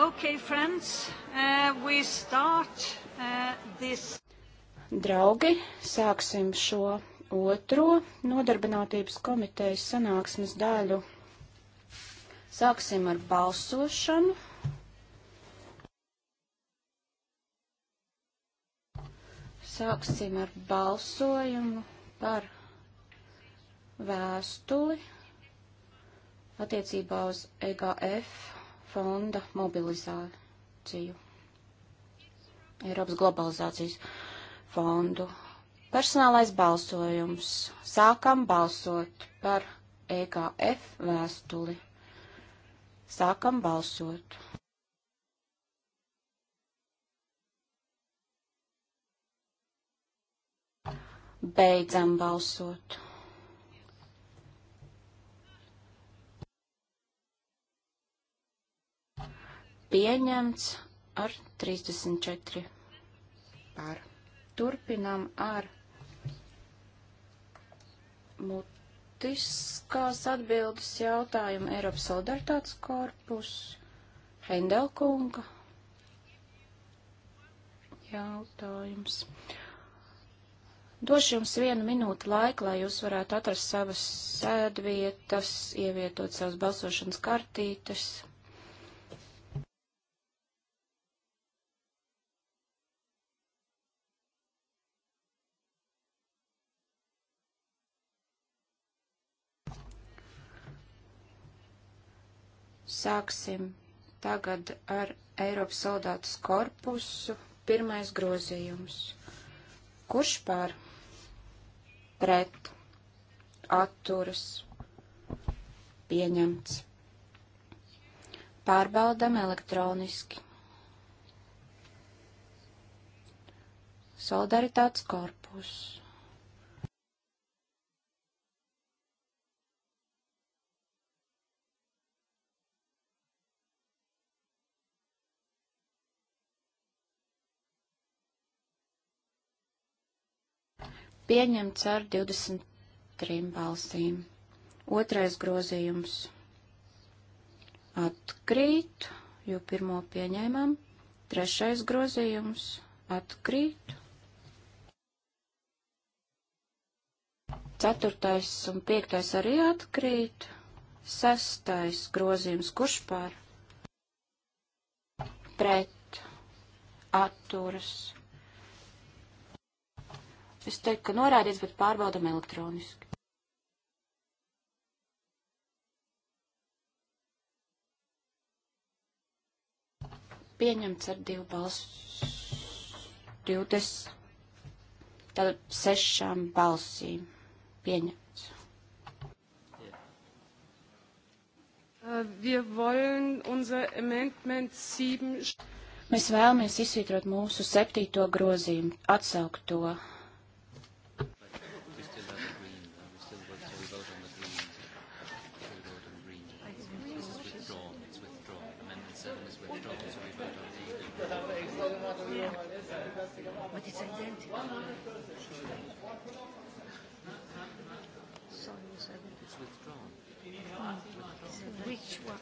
Okay, friends, uh, we start uh, this. Draugi, sāksim šo otro nodarbinātības komitejas sanāksmes daļu. Sāksim ar balsošanu. Sāksim ar balsojumu par vēstuli attiecībā uz EGF fonda mobilizāciju, Eiropas globalizācijas fondu. Personālais balsojums. Sākam balsot par EKF vēstuli. Sākam balsot. Beidzam balsot. pieņemts ar 34 par. Turpinām ar mutiskās atbildes jautājumu Eiropas solidaritātes korpus Hendelkunga jautājums. Došu jums vienu minūtu laiku, lai jūs varētu atrast savas sēdvietas, ievietot savas balsošanas kartītes. Sāksim tagad ar Eiropas soldātas korpusu pirmais grozījums. Kurš pār pret atturas pieņemts? Pārbaudam elektroniski. Solidaritātes korpusu. pieņemts ar 23 balsīm. Otrais grozījums atkrīt, jo pirmo pieņēmām. Trešais grozījums atkrīt. Ceturtais un piektais arī atkrīt. Sestais grozījums kurš pār? Pret. Atturas Es teiktu, ka norādīts, bet pārbaudam elektroniski. Pieņemts ar divu balsu 20, tad sešām balsīm pieņemts. Äh, wir wollen unser Amendment 7. Mēs vēlamies izsvītrot mūsu septīto grozījumu, atsaukt to Which one?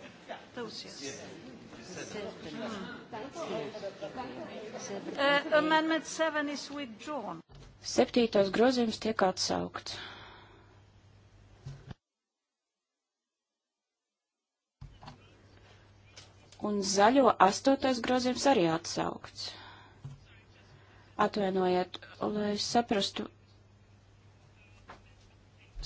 Those, yes. Mm. Uh, amendment 7 is withdrawn. Septītais grozījums tiek atsaukts. Un zaļo astotais grozījums arī atsaukts. Atvainojiet, lai saprastu,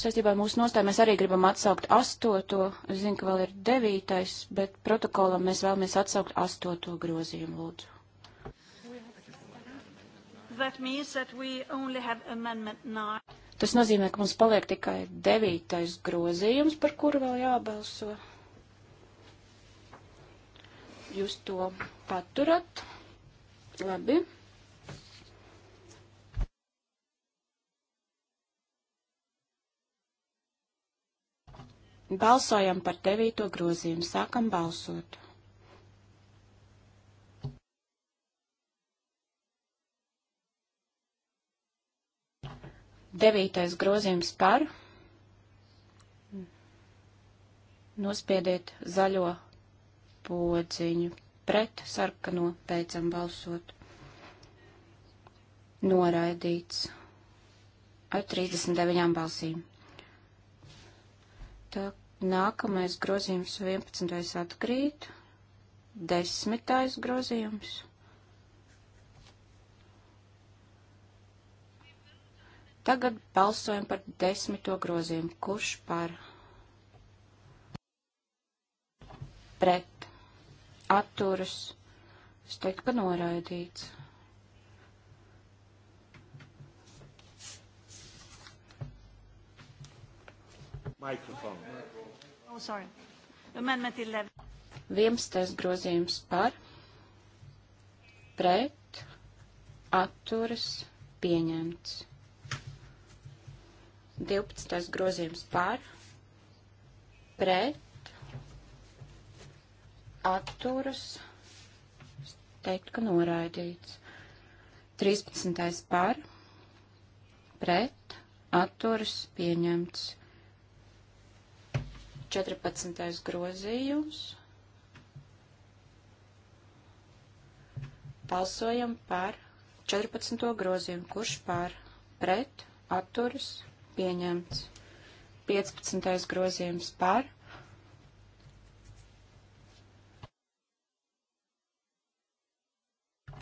Sastībā ar mūsu nostāju mēs arī gribam atsaukt astoto, es zinu, ka vēl ir devītais, bet protokolam mēs vēlamies atsaukt astoto grozījumu, lūdzu. Tas nozīmē, ka mums paliek tikai devītais grozījums, par kuru vēl jābalso. Jūs to paturat. Labi. Balsojam par devīto grozījumu. Sākam balsot. Devītais grozījums par. Nospiediet zaļo podziņu pret sarkano beidzam balsot. Noraidīts ar 39 balsīm. Tā Nākamais grozījums 11. atkrīt. Desmitais grozījums. Tagad balsojam par desmito grozījumu. Kurš par? Pret. Atturas. Es teiktu, ka noraidīts. Mikrofonu. Oh, sorry. Amendment 11. 11. grozījums par, pret, atturas, pieņemts. 12. grozījums par, pret, atturas, teikt, ka noraidīts. 13. par, pret, atturas, pieņemts. 14. grozījums. Balsojam par 14. grozījumu. Kurš par? Pret, atturas, pieņemts. 15. grozījums par.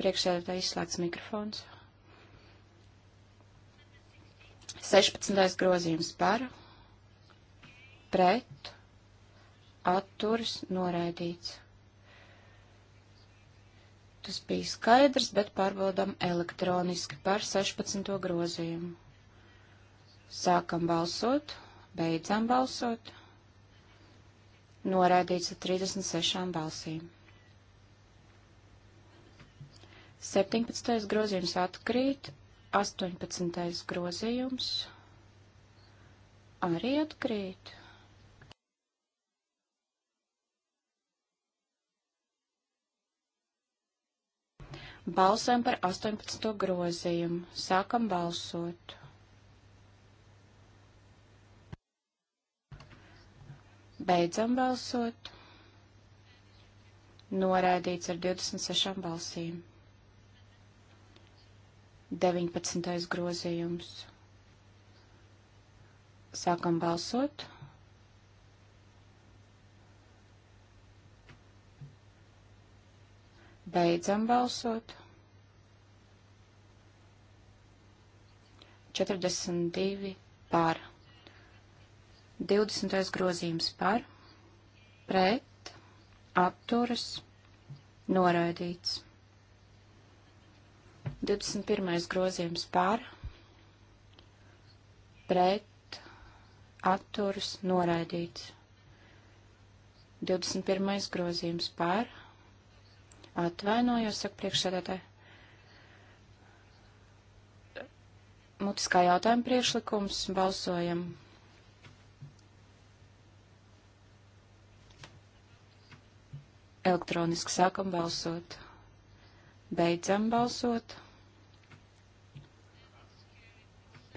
Priekšsēdētāji izslēgts mikrofons. 16. grozījums par. Pret, atturs noraidīts. Tas bija skaidrs, bet pārbaudām elektroniski par 16. grozījumu. Sākam balsot, beidzam balsot. Noraidīts ar 36 balsīm. 17. grozījums atkrīt, 18. grozījums arī atkrīt. Balsojam par 18. grozījumu. Sākam balsot. Beidzam balsot. Noraidīts ar 26 balsīm. 19. grozījums. Sākam balsot. Beidzam balsot. 42 par. 20. grozījums par, pret, apturas, noraidīts. 21. grozījums par, pret, atturas, noraidīts. 21. grozījums par, Atvainojos, saka priekšsēdētāji. Mutiskā jautājuma priekšlikums. Balsojam. Elektroniski sākam balsot. Beidzam balsot.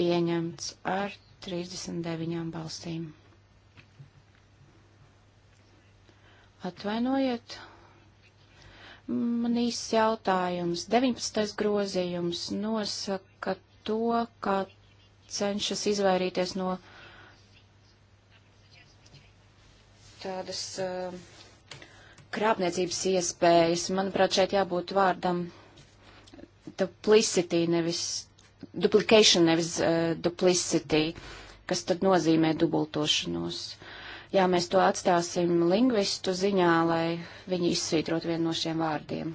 Pieņemts ar 39 balsīm. Atvainojiet. Man īsts jautājums. 19. grozījums nosaka to, ka cenšas izvairīties no tādas uh, krāpniecības iespējas. Manuprāt, šeit jābūt vārdam duplicity, nevis duplication, nevis uh, duplicity, kas tad nozīmē dubultošanos ja mēs to atstāsim lingvistu ziņā, lai viņi izsvītrot vienu no šiem vārdiem.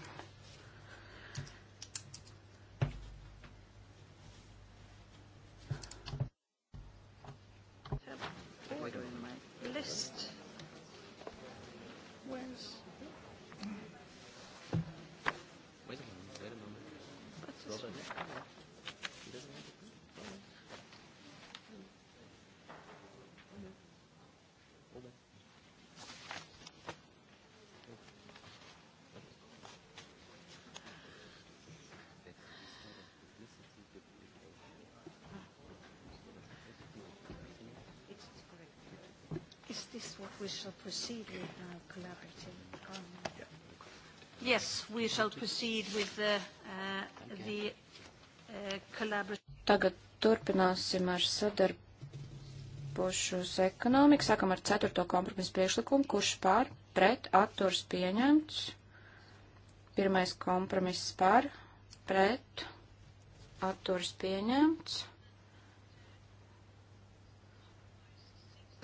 proceed with now uh, collaborative economy? Yeah. Yes, we shall proceed with the, uh, the uh, collaborative. Tagad turpināsim ar sadarbošos ekonomiku. Sākam ar ceturto kompromisu priekšlikumu, kurš pār, pret, atturs pieņemts. Pirmais kompromiss pār, pret, atturs pieņemts.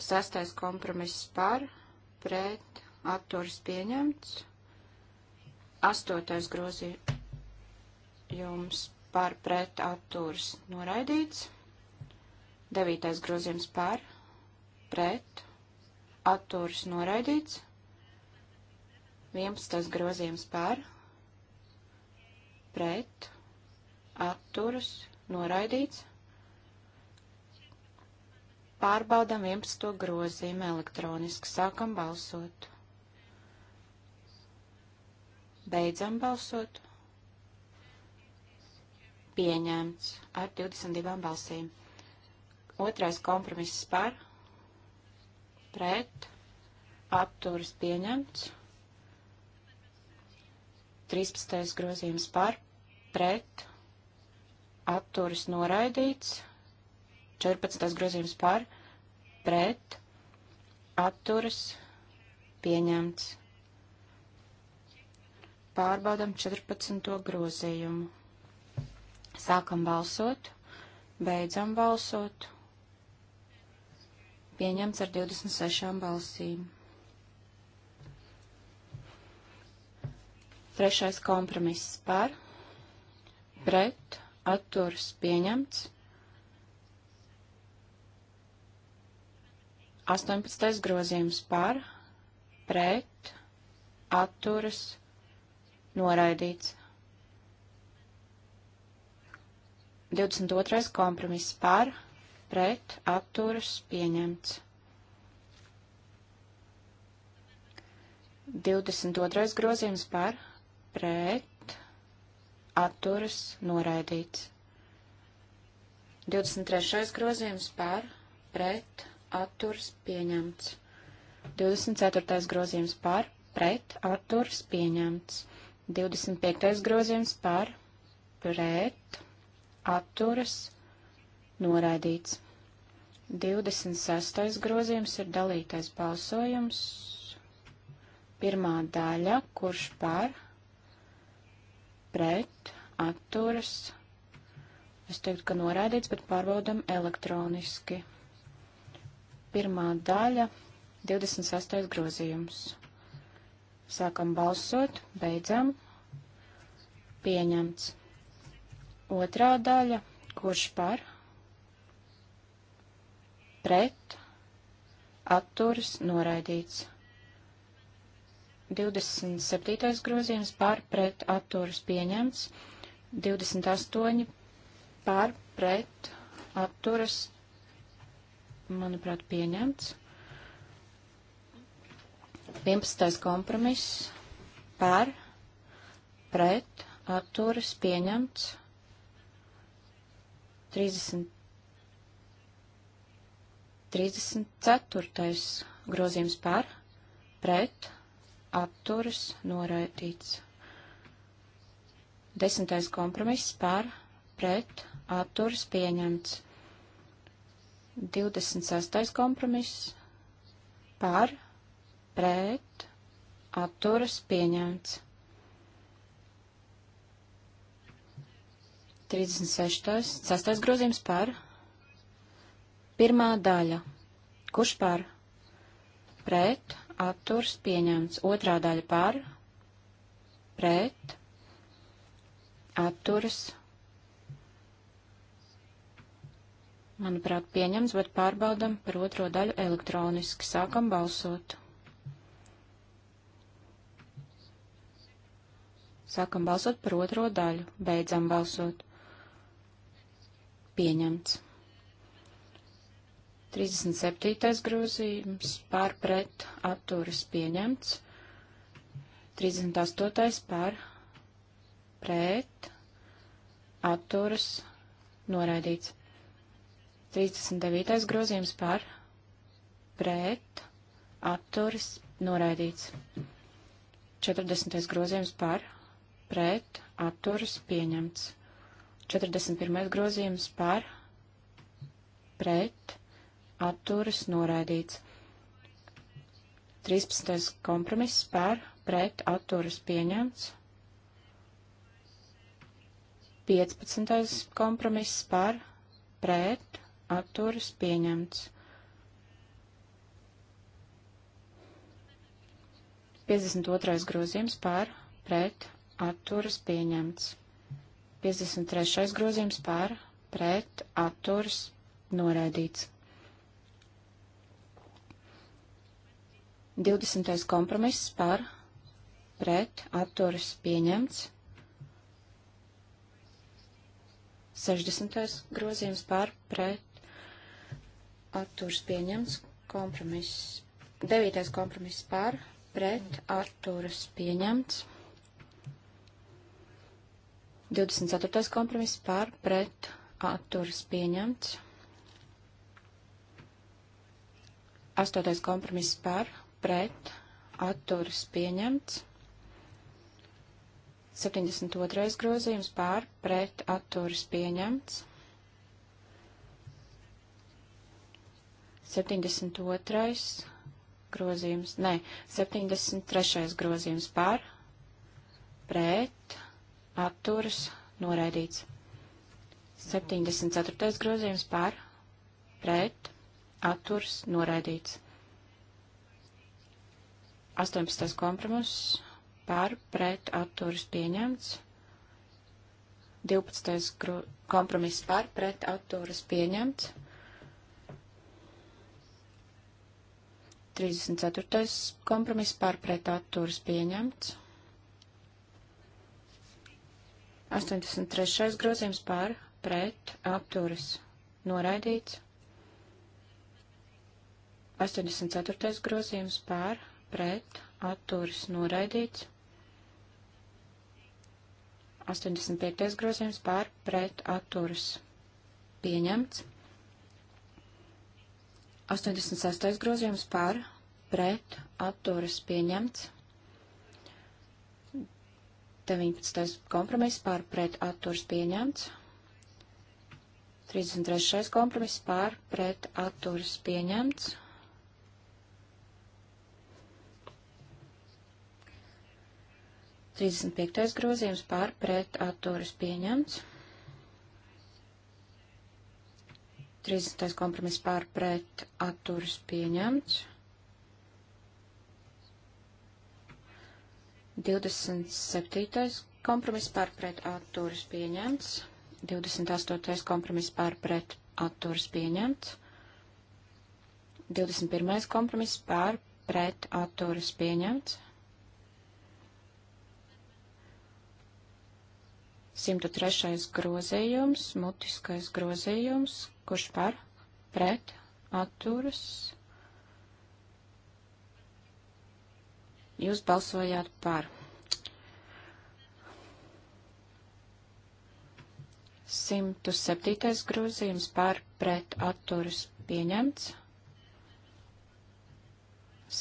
Sastais kompromiss pār, pret pret atturas pieņemts. Astotais grozījums par pret atturas noraidīts. Devītais grozījums par pret atturas noraidīts. Vienpadsmitais grozījums par pret atturas noraidīts. Pārbaudām 11. grozījumu elektroniski. Sākam balsot. Beidzam balsot. Pieņemts ar 22 balsīm. Otrais kompromiss par, pret, apturis pieņemts. 13. grozījums par, pret, apturis noraidīts. 14. grozījums par, pret, atturas, pieņemts. Pārbaudam 14. grozījumu. Sākam balsot, beidzam balsot. Pieņemts ar 26 balsīm. Trešais kompromiss par, pret, atturas pieņemts. 18. grozījums par, pret, atturas, noraidīts. 22. kompromiss par, pret, atturas, pieņemts. 22. grozījums par, pret, atturas, noraidīts. 23. grozījums par, pret, atturas atturs pieņemts. 24. grozījums par, pret, atturs pieņemts. 25. grozījums par, pret, atturas noraidīts. 26. grozījums ir dalītais balsojums. Pirmā daļa, kurš par, pret, atturas. Es teiktu, ka noraidīts, bet pārbaudam elektroniski pirmā daļa, 28. grozījums. Sākam balsot, beidzam, pieņemts. Otrā daļa, kurš par, pret, atturas, noraidīts. 27. grozījums pār pret atturas pieņemts, 28 pār pret atturas manuprāt, pieņemts. 11. kompromiss par, pret, atturas, pieņemts. 30, 34. grozījums par, pret, atturas, noraidīts. 10. kompromiss par, pret, atturas, pieņemts. 26. kompromiss par, pret, atturas pieņemts. 36. 6. grozījums par, pirmā daļa, kurš par, pret, atturas pieņemts. Otrā daļa par, pret, atturas pieņemts atturas Manuprāt, pieņems, bet pārbaudam par otro daļu elektroniski. Sākam balsot. Sākam balsot par otro daļu. Beidzam balsot. Pieņemts. 37. grozījums pār pret atturas pieņemts, 38. pār pret atturas noraidīts, 39. grozījums par, pret, atturas, noraidīts. 40. grozījums par, pret, atturas, pieņemts. 41. grozījums par, pret, atturas, noraidīts. 13. kompromiss par, pret, atturas, pieņemts. 15. kompromiss par, pret, atturas pieņemts. 52. grozījums pār, pret, atturas pieņemts. 53. grozījums pār, pret, atturas noraidīts. 20. kompromiss par, pret, atturas pieņemts. 60. grozījums par, pret, atturs pieņemts, kompromiss, devītais kompromiss par, pret, atturs pieņemts, 24. kompromiss par, pret, atturs pieņemts, 8. kompromiss par, pret, atturs pieņemts, 72. grozījums par, pret, atturs pieņemts, 72. grozījums, nē, 73. grozījums par, pret, atturas, noraidīts. 74. grozījums par, pret, atturs, noraidīts. 18. kompromiss par, pret, atturs, pieņemts. 12. kompromiss par, pret, atturs, pieņemts. 34. kompromiss pārpret atturas pieņemts. 83. grozījums pār pret atturas noraidīts. 84. grozījums pār pret atturas noraidīts. 85. grozījums pār pret atturas pieņemts. 86. grozījums par, pret, atturas pieņemts. 19. kompromiss par, pret, atturas pieņemts. 33. kompromiss par, pret, atturas pieņemts. 35. grozījums par, pret, atturas pieņemts. 30. kompromiss pār pret atturas pieņemts. 27. kompromiss pār pret atturas pieņemts. 28. kompromiss pār pret atturas pieņemts. 21. kompromiss pār pret atturas pieņemts. 103. grozījums, mutiskais grozījums, Kurš par? Pret? Atturas? Jūs balsojāt par. 107. grozījums par pret atturas pieņemts.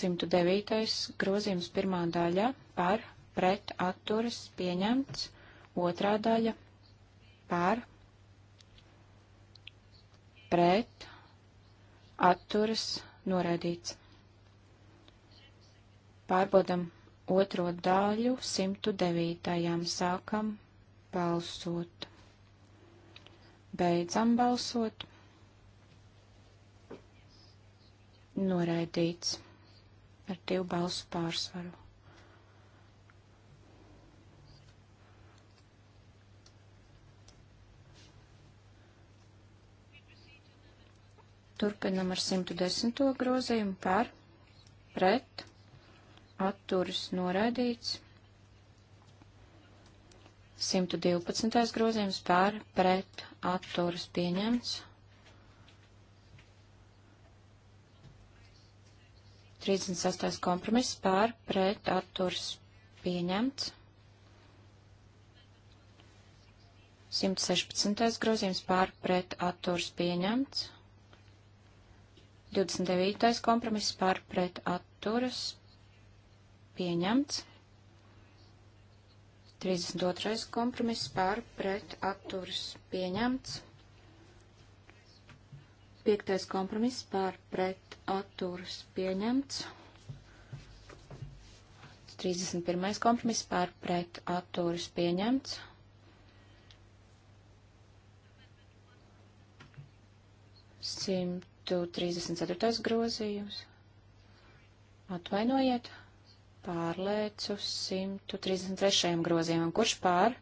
109. grozījums pirmā daļa par pret atturas pieņemts. Otrā daļa par pret, atturas, noraidīts. Pārbaudam otro daļu 109. sākam balsot. Beidzam balsot. Noraidīts ar divu balsu pārsvaru. Turpinam ar 110. grozījumu par, pret, atturas noraidīts. 112. grozījums par, pret, atturas pieņemts. 36. kompromiss par, pret, atturas pieņemts. 116. grozījums pār pret atturs pieņemts. 29. kompromiss par pret atturas pieņemts. 32. kompromiss par pret atturas pieņemts. 5. kompromiss par pret atturas pieņemts. 31. kompromiss par pret atturas pieņemts. 100. 134. grozījums. Atvainojiet, pārlēcu 133. grozījumam. Kurš pār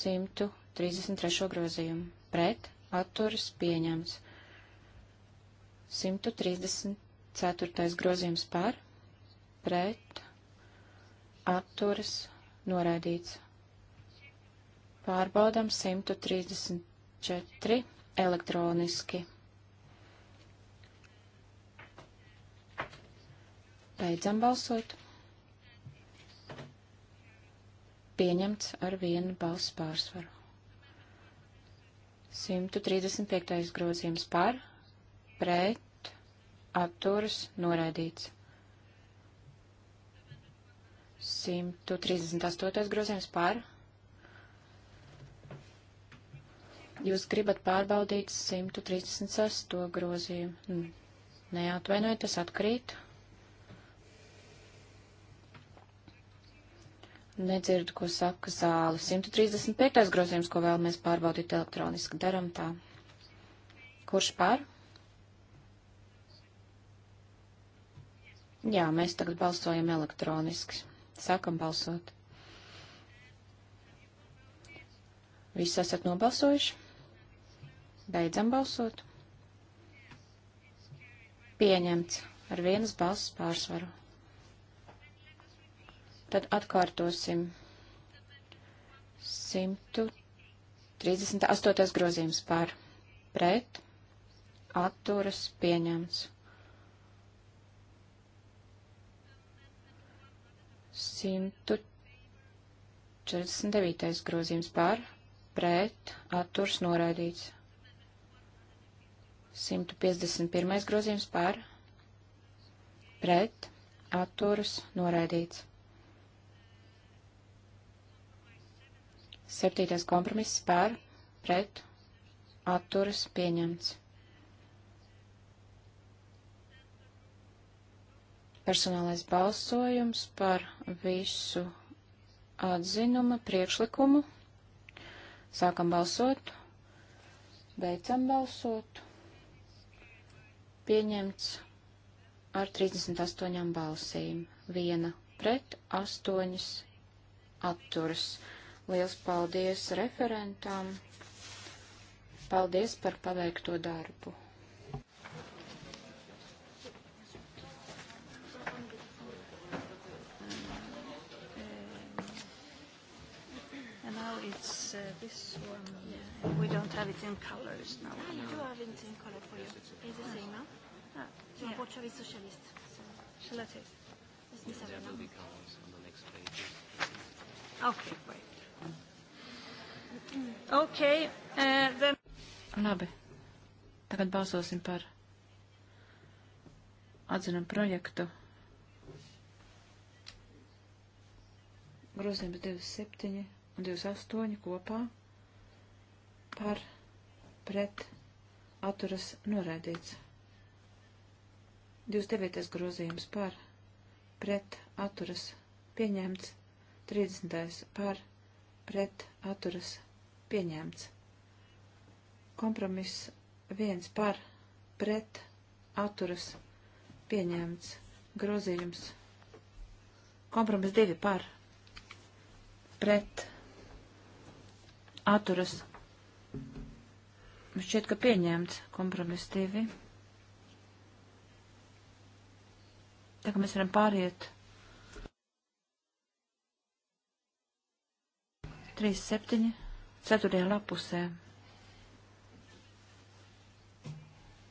133. grozījumu? Pret, atturas, pieņems. 134. grozījums pār, pret, atturas, noraidīts. Pārbaudam 134 elektroniski. Beidzam balsot. Pieņemts ar vienu balsu pārsvaru. 135. grozījums par, pret, atturas, noraidīts. 138. grozījums par. Jūs gribat pārbaudīt 136. grozījumu. Neatvainojiet, tas atkrīt. Nedzirdu, ko saka zāle. 135. grozījums, ko vēlamies pārbaudīt elektroniski. Daram tā. Kurš par? Jā, mēs tagad balsojam elektroniski. Sākam balsot. Visi esat nobalsojuši? Beidzam balsot. Pieņemts ar vienas balss pārsvaru. Tad atkārtosim. 138. grozījums par pret atturas pieņemts. 149. grozījums par pret atturs noraidīts. 151. grozījums par pret atturs noraidīts. Septītais kompromiss par, pret, atturas pieņemts. Personālais balsojums par visu atzinuma priekšlikumu. Sākam balsot, beidzam balsot. Pieņemts ar 38 balsīm, viena pret, astoņas atturas. Liels paldies referentam. Paldies par paveikto darbu. now it's uh, this one. Yeah. We don't have it in colors now. Ah, you do have it in color for you. It's the same, no? Ah, so yeah. What is socialist? So. Shall I take? Yes, yeah, there will be colors on the next page. Okay, wait. Okay, uh, then... Labi. Tagad balsosim par atzinumu projektu. Grozījums 27 un 28 kopā par pret atturas noraidīts. 29. grozījums par pret atturas pieņemts. 30. par pret pret atturas pieņemts. Kompromiss viens par pret atturas pieņemts. Grozījums. Kompromiss divi par pret atturas. Šķiet, ka pieņemts kompromiss divi. Tā kā mēs varam pāriet 37, 4. lapusē.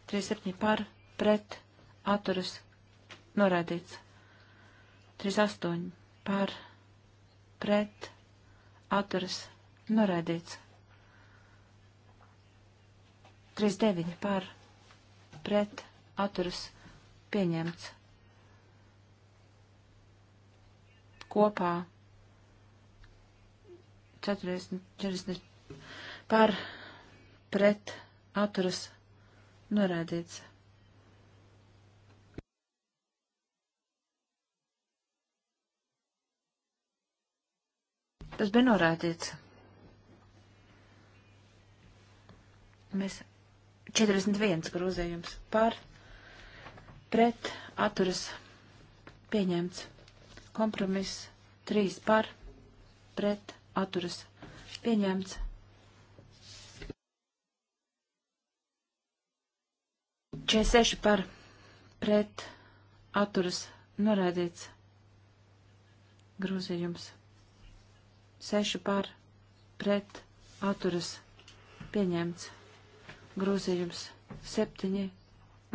37 par, pret, atturas, noraidīts. 38 par, pret, atturas, noraidīts. 39 par, pret, atturas, pieņemts. Kopā 40, 40 par pret atturas norādīts. Tas bija norādīts. Mēs 41 grozējums par pret atturas pieņemts. Kompromiss 3 par pret atturas pieņemts. Čē seši par pret atturas norādīts grozījums. Seši par pret atturas pieņemts grozījums. Septiņi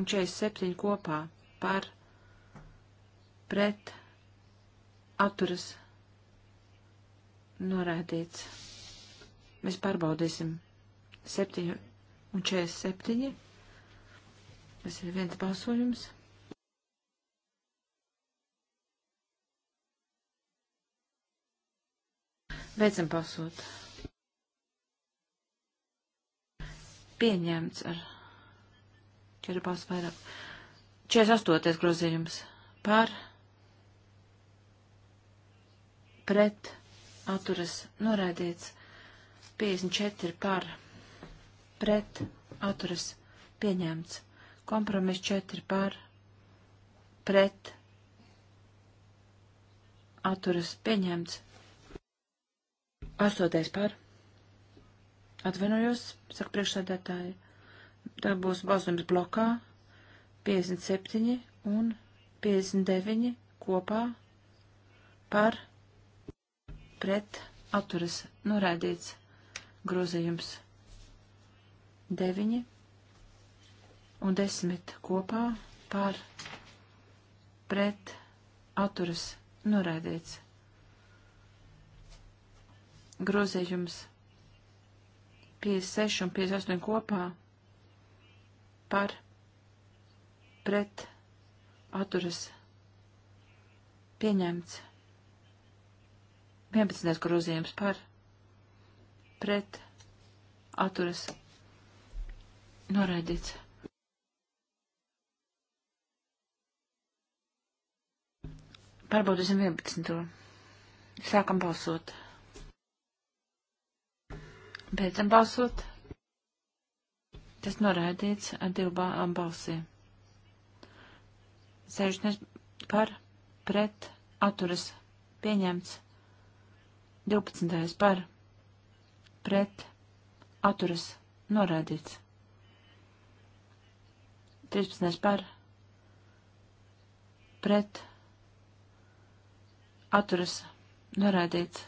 un čēs septiņi kopā par pret atturas norādīts Norādīts. Mēs pārbaudīsim 7 un 47. Tas ir viens balsojums. Beidzam balsot. Pieņemts ar 4 balsu vairāk. 48. grozījums. Par. Pret atturas noraidīts. 54 par pret atturas pieņemts. Kompromis 4 par pret atturas pieņemts. 8 par. Atvainojos, saka priekšsēdētāji. Tā būs balsojums blokā 57 un 59 kopā par pret pret atturas noraidīts grozījums 9 un 10 kopā par pret atturas noraidīts grozījums 56 un 58 kopā par pret atturas pieņemts 11. grozījums par pret atturas noraidīts. Pārbaudīsim 11. Sākam balsot. Beidzam balsot. Tas noraidīts ar divu balsīm. 60 par pret atturas pieņemts. 12. par pret atturas norādīts. 13. par pret atturas norādīts.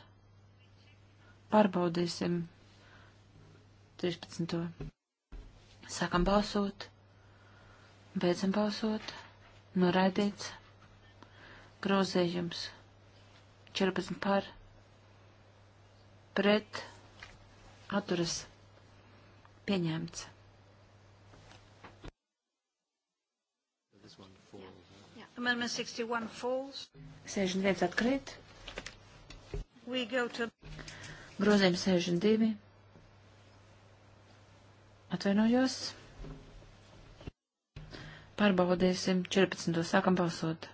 Pārbaudīsim 13. Sākam balsot, beidzam balsot, noraidīts, grozējums 14 par 15 pret atturas pieņemts. Amendment 61 falls. 61 atkrīt. We go to... Grozījums 62. Atvainojos. Pārbaudīsim 14. Sākam balsot.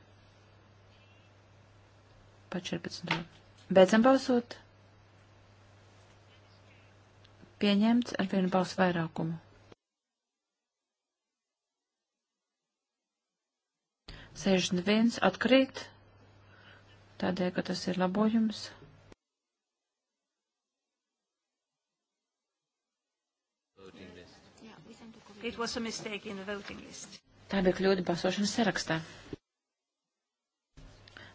Pa 14. Beidzam balsot. Pieņemts ar vienu balsu vairākumu. Sēžņa viens atkrīt, tādēļ, ka tas ir labojums. Tā bija kļūda balsošanas sarakstā.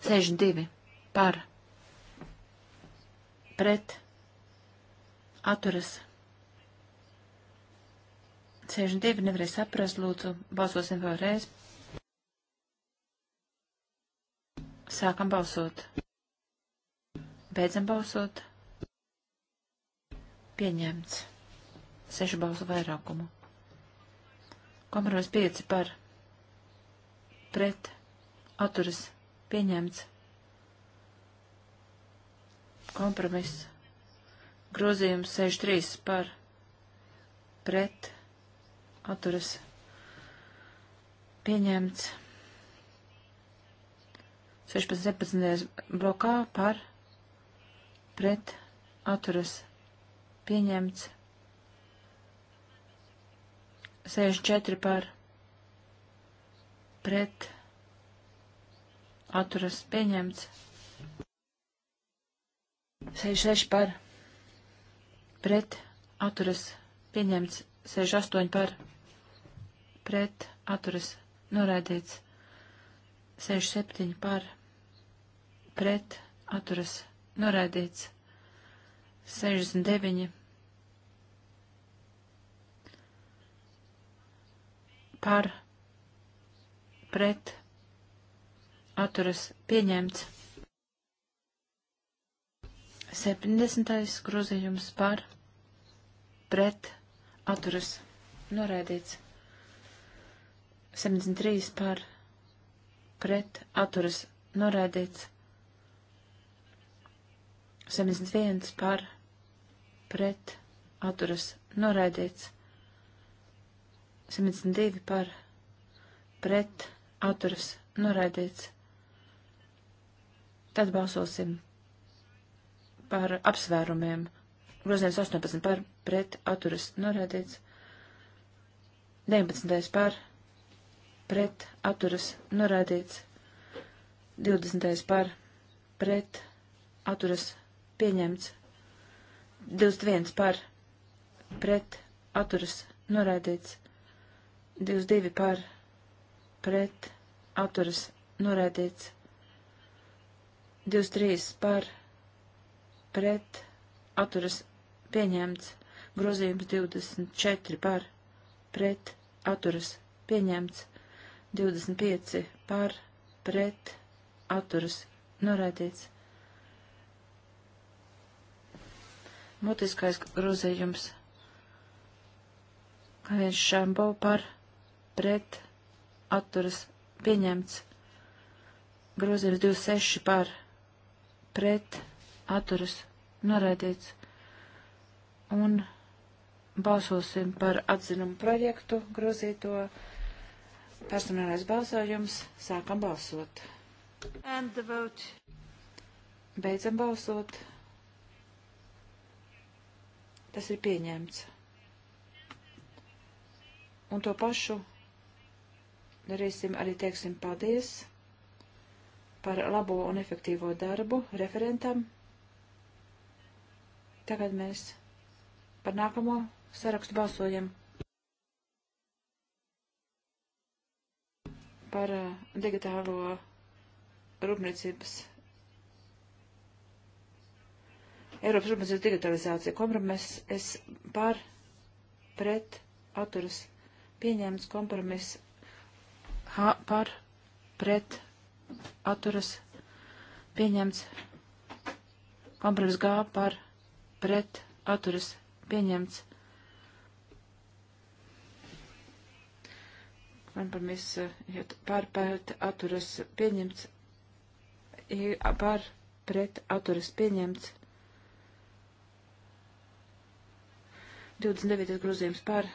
62 par pret atturas 62 nevarēja saprast, lūdzu, balsosim vēlreiz. Sākam balsot. Beidzam balsot. Pieņemts. Sešu balsu vairākumu. Kompromis 5 par. Pret. Atturas. Pieņemts. Kompromis. Grozījums 63 par. Pret atturas pieņemts. 16, 17 blokā par pret atturas pieņemts. 64 par pret atturas pieņemts. 66 par pret atturas pieņemts. 68 par pret pret atturas noraidīts 67 par pret atturas noraidīts 69 par pret atturas pieņemts 70. grozījums par pret atturas noraidīts 73 par pret atturas noraidīts. 71 par pret atturas noraidīts. 72 par pret atturas noraidīts. Tad balsosim par apsvērumiem. Grozījums 18 par pret atturas noraidīts. 19 par pret atturas norādīts 20. par pret atturas pieņemts 21 par pret atturas norādīts 22 par pret atturas norādīts 23 par pret atturas pieņemts grozījums 24 par pret atturas pieņemts 25 par pret atturas norādīts. Mutiskais grozījums. Kā viens šambo par pret atturas pieņemts. Grozījums 26 par pret atturas norādīts. Un balsosim par atzinumu projektu grozīto. Personālais balsojums. Sākam balsot. And the vote. Beidzam balsot. Tas ir pieņemts. Un to pašu darīsim arī teiksim paldies par labo un efektīvo darbu referentam. Tagad mēs par nākamo sarakstu balsojam. par eh, digitālo rūpniecības. Eiropas rūpniecības digitalizācija kompromiss es par pret atturas pieņemts kompromiss H par pret atturas pieņemts kompromiss G par pret atturas pieņemts kompromiss eh, par pret atturas pieņemts, par pret atturas pieņemts, 29. grozījums par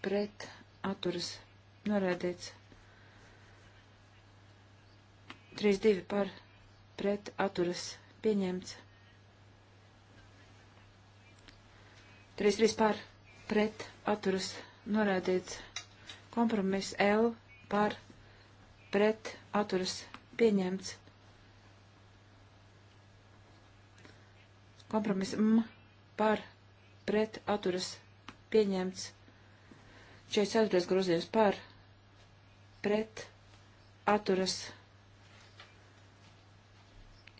pret atturas norādīts, 32 par pret atturas pieņemts, 33 par pret atturas norādīts. Kompromiss L par pret atturas pieņemts. Kompromiss M par pret atturas pieņemts. 44. grozījums par pret atturas pieņemts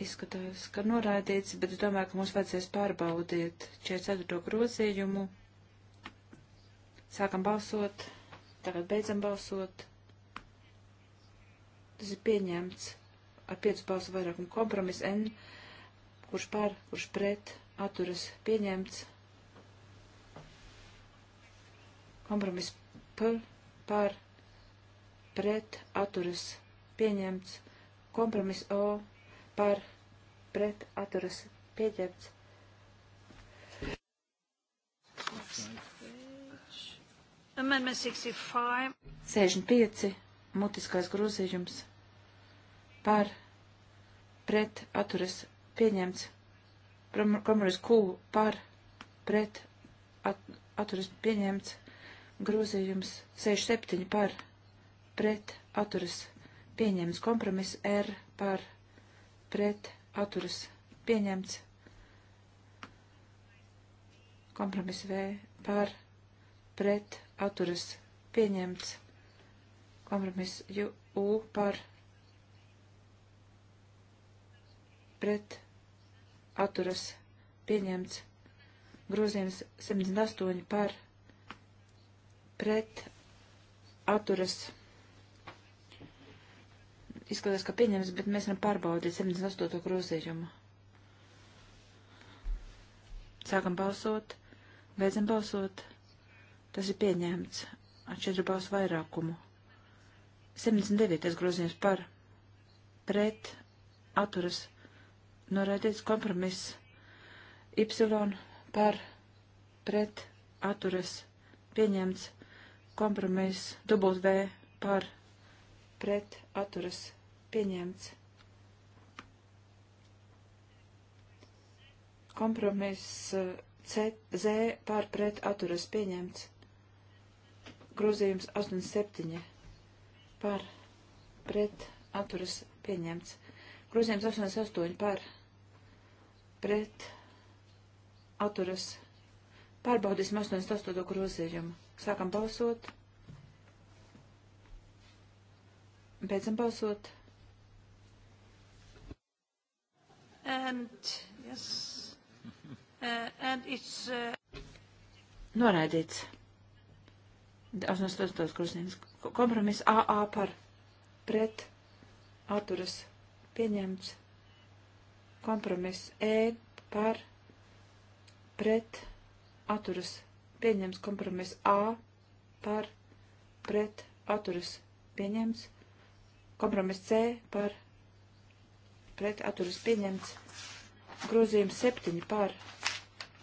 izskatās, ka noraidīts, bet es domāju, ka mums vajadzēs pārbaudīt 44. grozījumu. Sākam balsot. Tagad beidzam balsot. Tas ir pieņemts ar 5 balsu vairākumu kompromis N, kurš par, kurš pret, atturas pieņemts. Kompromis P par, pret, atturas pieņemts. Kompromis O par, pret, atturas pieņemts. Thanks. Amendment 65. 65. Mutiskais grozījums par pret atturas pieņemts. Komunis Q par pret at, atturas pieņemts. Grozījums 67 par pret atturas pieņemts. Kompromiss R par pret atturas pieņemts. Kompromiss V par pret pret atturas pieņemts. Kompromiss U par pret atturas pieņemts. Grozījums 78 par pret atturas izskatās, ka pieņems, bet mēs varam pārbaudīt 78. grozījumu. Sākam balsot, beidzam balsot. Tas ir pieņemts ar četru balsu vairākumu. 79. grozījums par pret atturas noraidīts kompromiss Y par pret atturas pieņemts kompromiss dubult V par pret atturas pieņemts kompromiss eh, C, Z par pret atturas pieņemts grozījums 87 par pret atturas pieņemts. Grozījums 88 par pret atturas. Pārbaudīsim 88 grozījumu. Sākam balsot. Beidzam balsot. And, yes. Uh, and it's, uh... Noraidīts. 88. grozījums. Kompromiss AA par pret atturas pieņemts. Kompromiss E par pret atturas pieņemts. Kompromiss A par pret atturas pieņemts. Kompromiss C par pret atturas pieņemts. Grozījums 7 par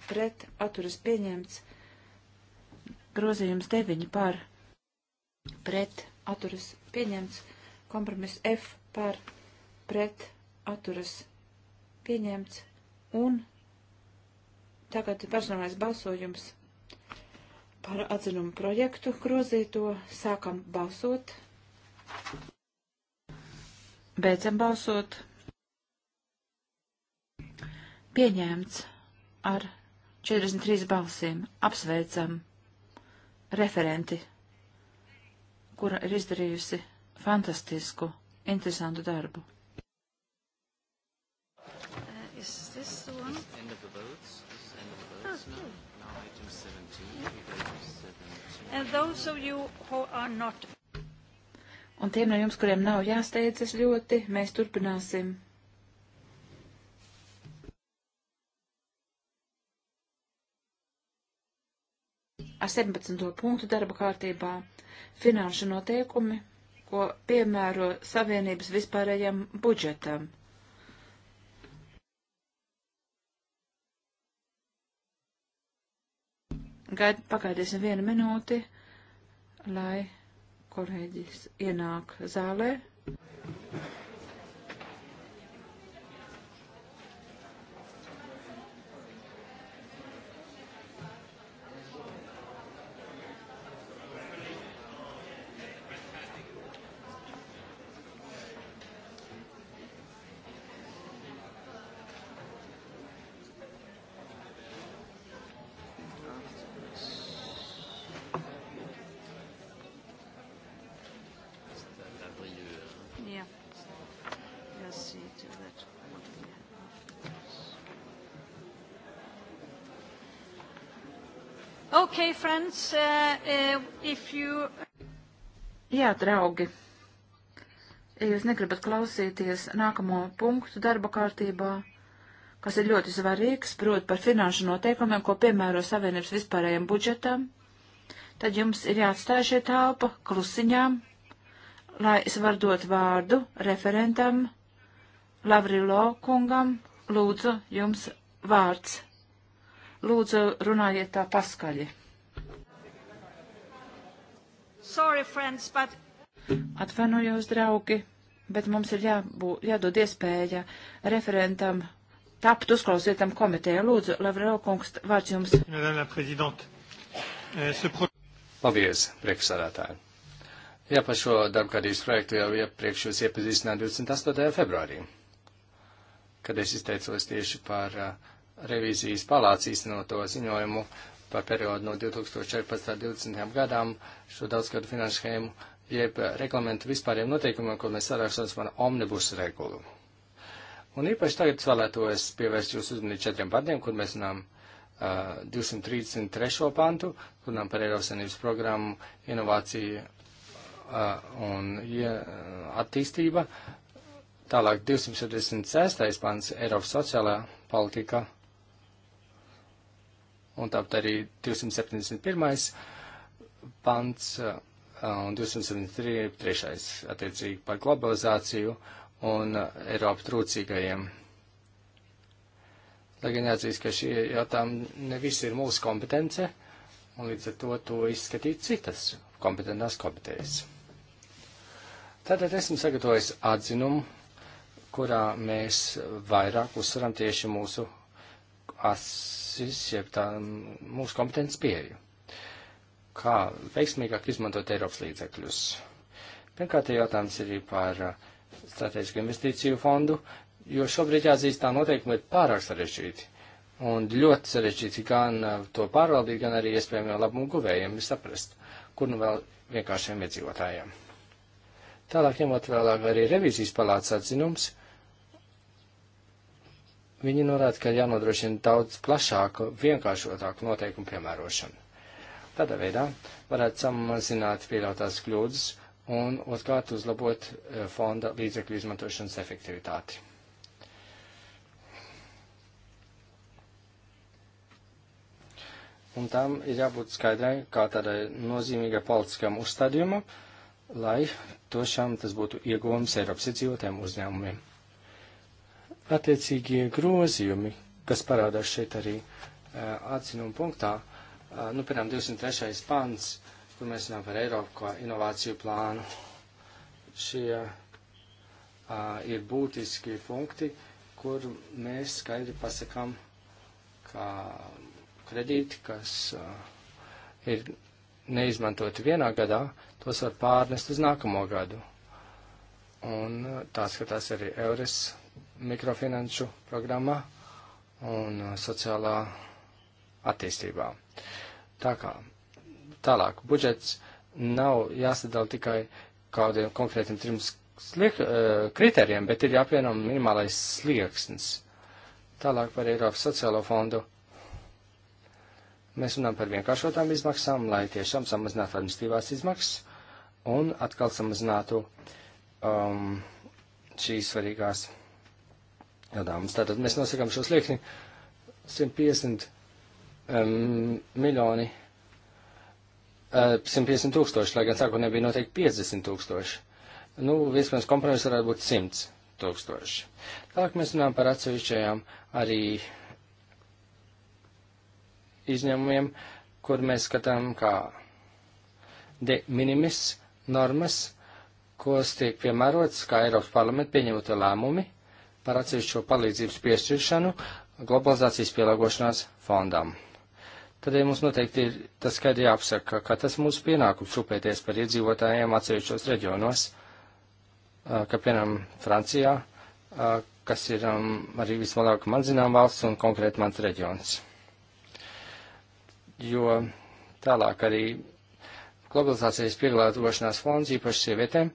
pret atturas pieņemts grozījums 9 par pret atturas pieņemts, kompromiss F par pret atturas pieņemts un tagad personālais balsojums par atzinumu projektu grozīto. Sākam balsot. Beidzam balsot. Pieņēmts ar 43 balsīm. Apsveicam referenti, kura ir izdarījusi fantastisku, interesantu darbu. Uh, is this the one? End of the votes. This is end of the votes. Oh. Ah, no. Now item 17. Yeah. We go to 17. And those of you who are not. Un tiem no jums, kuriem nav jāsteidzas ļoti, mēs turpināsim ar 17. punktu darba kārtībā - finanšu noteikumi, ko piemēro Savienības vispārējiem budžetam. Gaid, pagaidīsim vienu minūti, lai kolēģis ienāk zālē. Okay, friends, uh, uh, if you... Jā, draugi, ja jūs negribat klausīties nākamo punktu darba kārtībā, kas ir ļoti svarīgs, proti par finanšu noteikumiem, ko piemēro Savienības vispārējiem budžetam, tad jums ir jāatstāj šī telpa klusiņām, lai es varu dot vārdu referentam Lavrilo kungam. Lūdzu, jums vārds. Lūdzu, runājiet tā paskaļi. Sorry, friends, but... Atvainojos, draugi, bet mums ir jābū, jādod iespēja referentam tapt uzklausītam komitejā. Lūdzu, Lavrel kungs, vārds jums. Eh, Paldies, priekšsādātāji. Jā, par šo darbkārtības projektu jau iepriekš jūs iepazīstināju 28. februārī, kad es izteicos tieši par uh, revīzijas palāca īstenoto ziņojumu par periodu no 2014. 20. gadām šo daudzgadu finanšu schēmu, jeb reglamentu vispāriem noteikumiem, ko mēs sarakstās par omnibus regulu. Un īpaši tagad vēlētos pievērst jūsu uzmanību četriem pantiem, kur mēs runājam uh, 233. pantu, kur runājam par Eiropas Savienības programmu inovāciju uh, un ja, attīstība. Tālāk 276. pants Eiropas sociālā politika. Uh, un tāpat arī 271. pants uh, un 273. attiecīgi par globalizāciju un uh, Eiropu trūcīgajiem. Lai gan jāatzīst, ka šie jautājumi ne visi ir mūsu kompetence, un līdz ar to to izskatīt citas kompetentās komitejas. Tātad esmu sagatavojis atzinumu, kurā mēs vairāk uzsveram tieši mūsu as kompetences, jeb tā mūsu kompetences pieeju. Kā veiksmīgāk izmantot Eiropas līdzekļus? Pirmkārt, jautājums ir par uh, strateģisku investīciju fondu, jo šobrīd jāzīst tā noteikumi ir pārāk sarežģīti. Un ļoti sarežģīti gan uh, to pārvaldīt, gan arī iespējamiem labumu guvējiem saprast, kur nu vēl vienkāršiem iedzīvotājiem. Tālāk ņemot vēlāk arī revīzijas palāca atzinums, Viņi norāda, ka ir jānodrošina daudz plašāku, vienkāršotāku noteikumu piemērošanu. Tādā veidā varētu samazināt pieļautās kļūdas un otrkārt uzlabot eh, fonda līdzekļu izmantošanas efektivitāti. Un tam ir jābūt skaidrai kā tādai nozīmīgai politiskam uzstādījumam, lai tošām tas būtu ieguvums Eiropas iedzīvotājiem uzņēmumiem attiecīgie grozījumi, kas parādās šeit arī atzinuma punktā, nu, piemēram, 203. pants, kur mēs runājam par Eiropu kā inovāciju plānu. Šie ir būtiski punkti, kur mēs skaidri pasakām, ka kredīti, kas ir neizmantoti vienā gadā, tos var pārnest uz nākamo gadu. Un tā skatās arī Eures mikrofinanšu programmā un sociālā attīstībā. Tā kā tālāk budžets nav jāsadala tikai kādiem konkrētiem trim sliek, eh, kritērijiem, bet ir jāpieno minimālais slieksnis. Tālāk par Eiropas sociālo fondu. Mēs runājam par vienkāršotām izmaksām, lai tiešām samazinātu administratīvās izmaksas un atkal samazinātu um, šīs svarīgās gadāms. Tātad mēs nosakām šo sliekšni 150 um, miljoni, uh, eh, 150 tūkstoši, lai gan sākotnēji bija noteikti 50 tūkstoši. Nu, vispirms kompromiss varētu būt 100 tūkstoši. Tālāk mēs runājam par atsevišķajām arī izņēmumiem, kur mēs skatām kā de minimis normas, kuras tiek piemērotas kā Eiropas parlamenta pieņemta lēmumi par atsevišķo palīdzības piešķiršanu globalizācijas pielāgošanās fondam. Tādēļ ja mums noteikti ir tas skaidri jāapsaka, ka tas mūsu pienākums rūpēties par iedzīvotājiem atsevišķos reģionos, ka, piemēram, Francijā, kas ir um, arī visvairāk man zinām valsts un konkrēti mans reģions. Jo tālāk arī globalizācijas pielāgošanās fonds īpaši sievietēm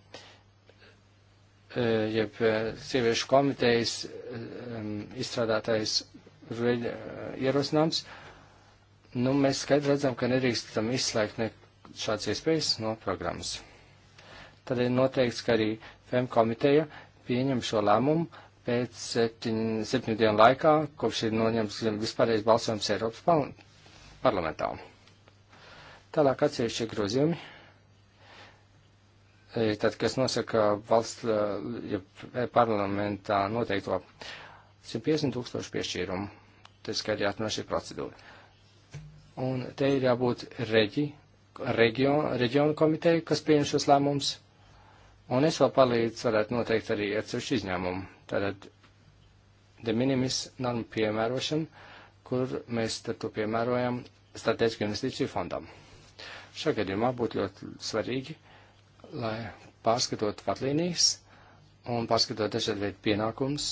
E, jeb e, sieviešu komitejas e, izstrādātais ierosinājums, nu, mēs skaidri redzam, ka nedrīkstam izslēgt ne šāds iespējas no programmas. Tad ir noteikts, ka arī FEM komiteja pieņem šo lēmumu pēc septiņu, septiņu dienu laikā, kopš ir noņemts vispārējais balsojums Eiropas parlamentā. Tālāk atsevišķi grozījumi tad, kas nosaka valsts ja parlamentā noteikto 150 tūkstošu piešķīrumu. Tas skaidri jāatmēr šī procedūra. Un te ir jābūt reģi, reģion, reģionu komiteju, kas pieņem šos lēmumus. Un es vēl palīdzu varētu noteikt arī atsevišķu izņēmumu. Tātad de minimis normu piemērošana, kur mēs tad to piemērojam strateģisku investīciju fondam. Šajā gadījumā būtu ļoti svarīgi lai pārskatot vadlīnijas un pārskatot dažādu veidu pienākums,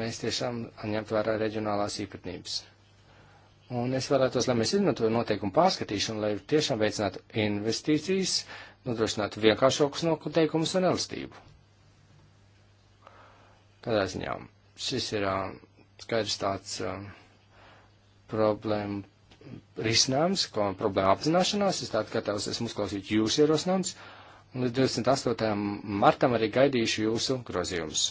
mēs tiešām ņemt vērā reģionālās īpatnības. Un es vēlētos, lai mēs izmantotu noteikumu pārskatīšanu, lai tiešām veicinātu investīcijas, nodrošinātu vienkāršākus noteikumus un elastību. Tādā ziņā šis ir skaidrs tāds problēma risinājums, ko problēma apzināšanās, es tātad gatavs esmu uzklausīt jūsu ierosinājums, un līdz 28. martam arī gaidīšu jūsu grozījumus.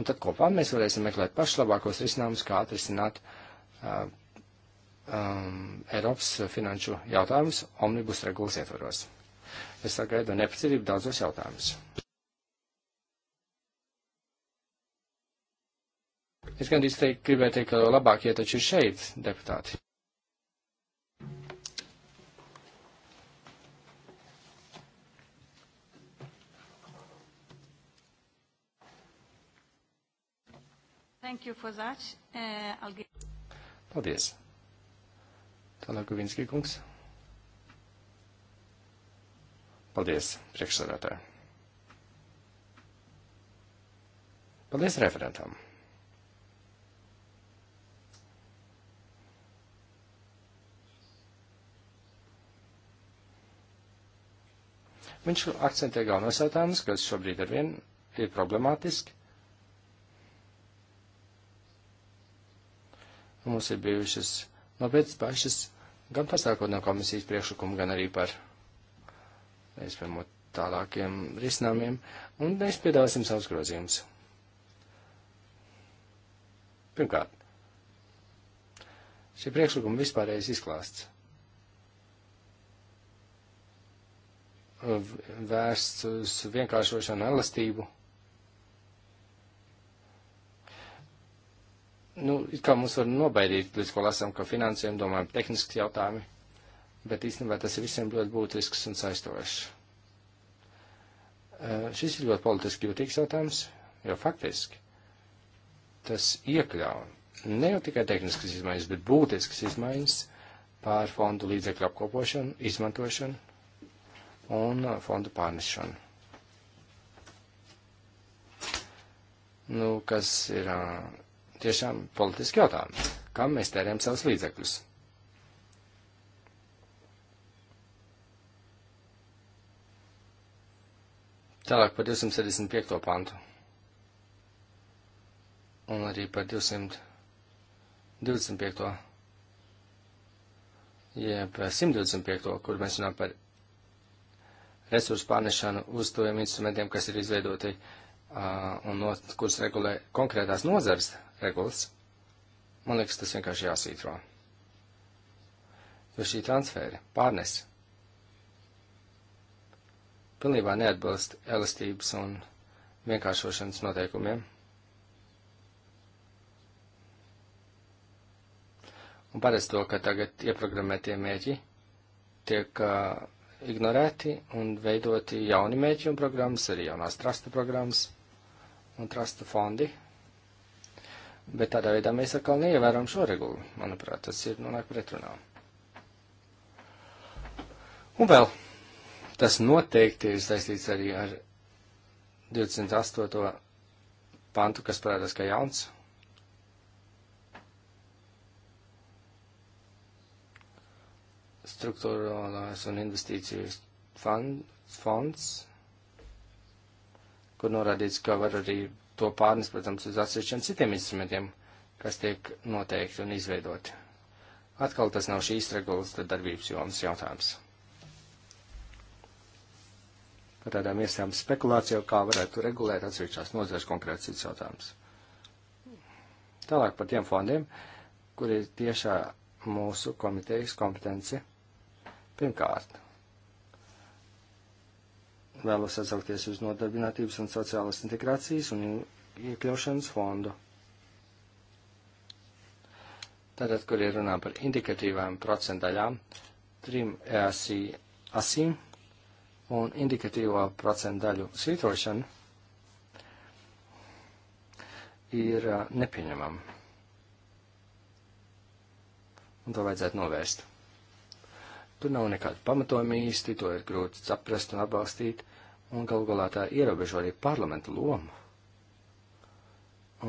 Un tad kopā mēs varēsim meklēt pašlabākos risinājumus, kā atrisināt uh, um, Eiropas finanšu jautājumus omnibus regulas ietvaros. Es sagaidu nepacietību daudzos jautājumus. Es gandrīz teiktu, gribēju teikt, ka labākie taču ir šeit deputāti. Thank you for that. Uh, I'll give... Paldies. Tālāk Guvinski kungs. Paldies, priekšsēdētāji. Paldies referentam. Viņš akcentē galvenos jautājumus, kas šobrīd ar vien ir problemātiski Mums ir bijušas nopietnas pašas gan par sākotnēm komisijas priekšlikumu, gan arī par iespējamo tālākiem risinājumiem, un mēs piedāvāsim savus grozījumus. Pirmkārt, šie priekšlikumi vispārējais izklāsts. Vērsts uz vienkāršošanu, elastību nu, it kā mums var nobaidīt, līdz ko lasām, ka finansēm domājam tehniski jautājumi, bet īstenībā tas ir visiem ļoti būtisks un saistošs. Uh, šis ir ļoti politiski jūtīgs jautājums, jo faktiski tas iekļauj ne jau tikai tehniskas izmaiņas, bet būtiskas izmaiņas pār fondu līdzekļu apkopošanu, izmantošanu un eh, fondu pārnešanu. Nu, kas ir uh, tiešām politiski jautājumi. Kam mēs tērējam savus līdzekļus? Tālāk par 275. pantu. Un arī par 225. jeb 125. kur mēs runājam par resursu pārnešanu uz tiem instrumentiem, kas ir izveidoti uh, un no, kurus regulē konkrētās nozars regulas. Man liekas, tas vienkārši jāsītro. Jo šī transfēra pārnes pilnībā neatbilst elastības un vienkāršošanas noteikumiem. Un paredz to, ka tagad ieprogrammētie mēķi tiek uh, ignorēti un veidoti jauni mēķi un programmas, arī jaunās trasta programmas un trasta fondi, bet tādā veidā mēs atkal neievēram šo regulu. Manuprāt, tas ir nonāk pretrunā. Un vēl, tas noteikti ir saistīts arī ar 28. pantu, kas parādās kā jauns. Struktūrālās un investīcijas fonds, kur norādīts, ka var arī to pārnes, protams, uz atsevišķiem citiem instrumentiem, kas tiek noteikti un izveidoti. Atkal tas nav šīs regulas darbības jomas jautājums. Par tādām iespējām spekulācijām, kā varētu regulēt atsevišķās nozares konkrēts cits jautājums. Tālāk par tiem fondiem, kur ir tiešā mūsu komitejas kompetence. Pirmkārt, vēlas atsaukties uz nodarbinātības un sociālas integrācijas un iekļaušanas fondu. Tātad, kur ir runā par indikatīvām procentaļām, trim EASI asīm un indikatīvo procentaļu svītrošanu ir uh, nepieņemama. Un to vajadzētu novērst. Tur nav nekāda pamatojuma īsti, to ir grūti saprast un atbalstīt un galu galā tā ierobežo arī parlamenta lomu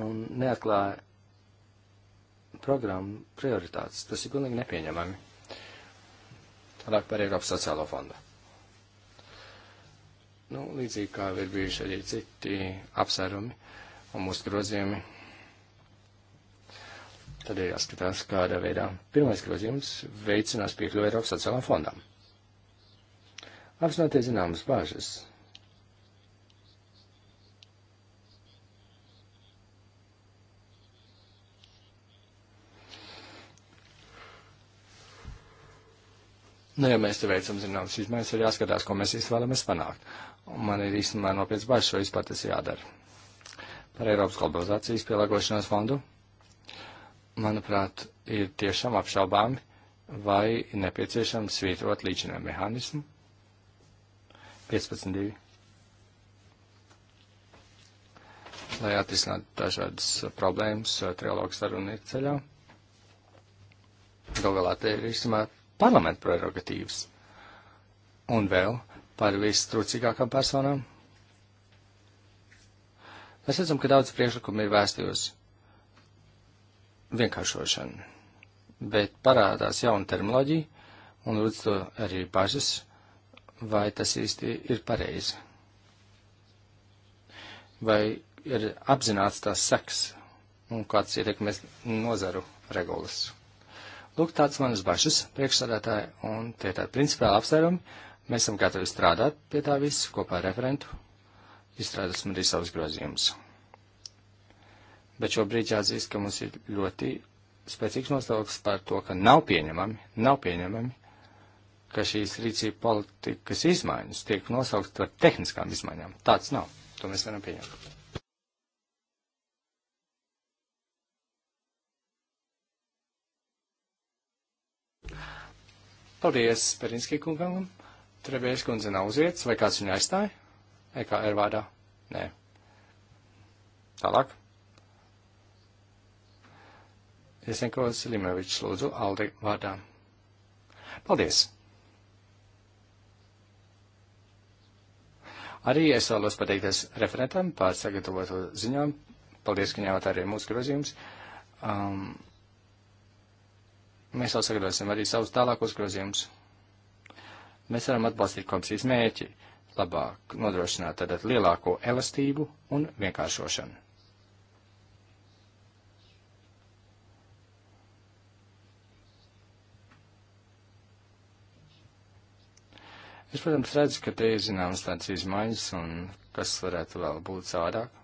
un neatklāja programmu prioritātes. Tas ir pilnīgi nepieņemami. Tālāk par Eiropas sociālo fondu. Nu, līdzīgi kā ir bijuši arī citi apsērumi un mūsu grozījumi, tad ir jāskatās, kādā veidā pirmais grozījums veicinās piekļuvi Eiropas sociālām fondām. Apzināties zināmas bāžas Nu, ja mēs te veicam zināmas izmaiņas, ir jāskatās, ko mēs īsti vēlamies panākt. Un man ir īstenībā nopietns bažas, jo vispār tas jādara. Par Eiropas globalizācijas pielāgošanās fondu, manuprāt, ir tiešām apšaubāmi, vai ir nepieciešams svītrot līdzinē mehānismu. 15.2. Lai atrisinātu dažādas problēmas trilogu sarunu ceļā. Galvēlā te ir izsmēt parlamentu prerogatīvas. Un vēl par vistrūcīgākām personām. Mēs redzam, ka daudz priekšlikumu ir vēsti uz vienkāršošanu, bet parādās jauna terminoloģija, un lūdzu to arī pašas, vai tas īsti ir pareizi. Vai ir apzināts tās seks un kāds ietekmēs nozaru regulas. Lūk, tāds manas bažas priekšsādātāji, un tie ir tādi principāli apsvērumi. Mēs esam gatavi strādāt pie tā visu kopā ar referentu, izstrādāsim arī savus grozījumus. Bet šobrīd jāatzīst, ka mums ir ļoti spēcīgs nostāvoklis par to, ka nav pieņemami, nav pieņemami, ka šīs rīcība politikas izmaiņas tiek nosauktas par tehniskām izmaiņām. Tāds nav. To mēs varam pieņemt. Paldies Perinskī kungam. Trebējas kundze nav uzvietas, vai kāds viņu aizstāja? EKR vārdā? Nē. Tālāk. Iesenko Silimovičs lūdzu Aldi vārdā. Paldies! Arī es vēlos pateikties referentam par sagatavotu ziņām. Paldies, ka ņēmāt arī mūsu grozījumus. Um, Mēs vēl sagatavosim arī savus tālākos grozījumus. Mēs varam atbalstīt komisijas mērķi, labāk nodrošināt tātad lielāko elastību un vienkāršošanu. Es, protams, redzu, ka te ir zināmas tādas izmaiņas un kas varētu vēl būt savādāk.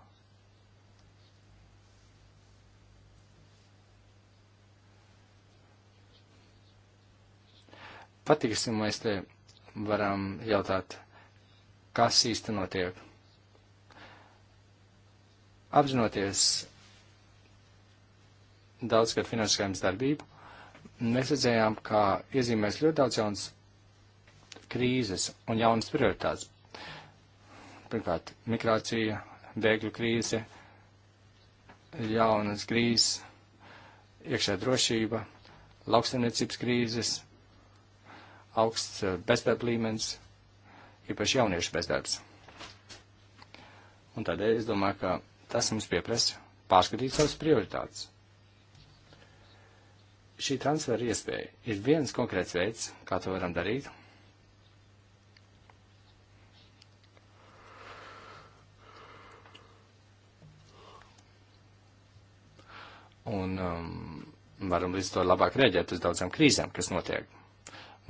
Patīksim, mēs te varam jautāt, kas īsti notiek. Apzinoties daudzgad finansējums darbību, mēs redzējām, ka iezīmēs ļoti daudz jaunas krīzes un jaunas prioritātes. Pirmkārt, migrācija, bēgļu krīze, jaunas krīzes, iekšē drošība, lauksaimniecības krīzes augsts eh, bezdarba līmenis, īpaši jauniešu bezdarbs. Un tādēļ es domāju, ka tas mums pieprasa pārskatīt savas prioritātes. Šī transfera iespēja ir viens konkrēts veids, kā to varam darīt. Un um, varam līdz to labāk rēģēt uz daudzām krīzēm, kas notiek.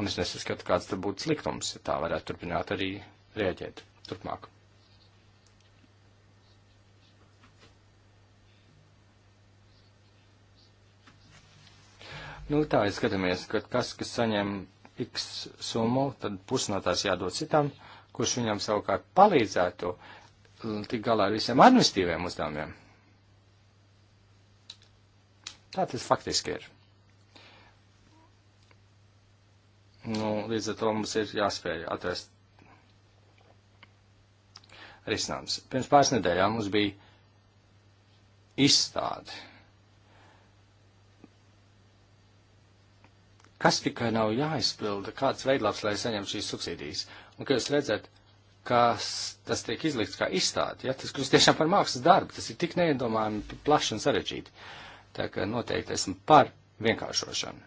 Un es nesaskatu, kāds tur būtu sliktums, ja tā varētu turpināt arī rēģēt turpmāk. Nu, tā ir skatāmies, ka kas, kas saņem X summu, tad pusi no tās jādod citam, kurš viņam savukārt palīdzētu tik galā ar visiem administratīviem uzdevumiem. Tā tas faktiski ir. Nu, līdz ar to mums ir jāspēj atrast risinājums. Pirms pāris nedēļām mums bija izstāde. Kas tikai nav jāizpilda, kāds veidlaps, lai saņemtu šīs subsīdijas. Un, kā jūs redzat, kas tas tiek izlikts kā izstāde, ja tas kļūst tiešām par mākslas darbu, tas ir tik neiedomājami plaši un sarežģīti. Tā kā noteikti esmu par vienkāršošanu.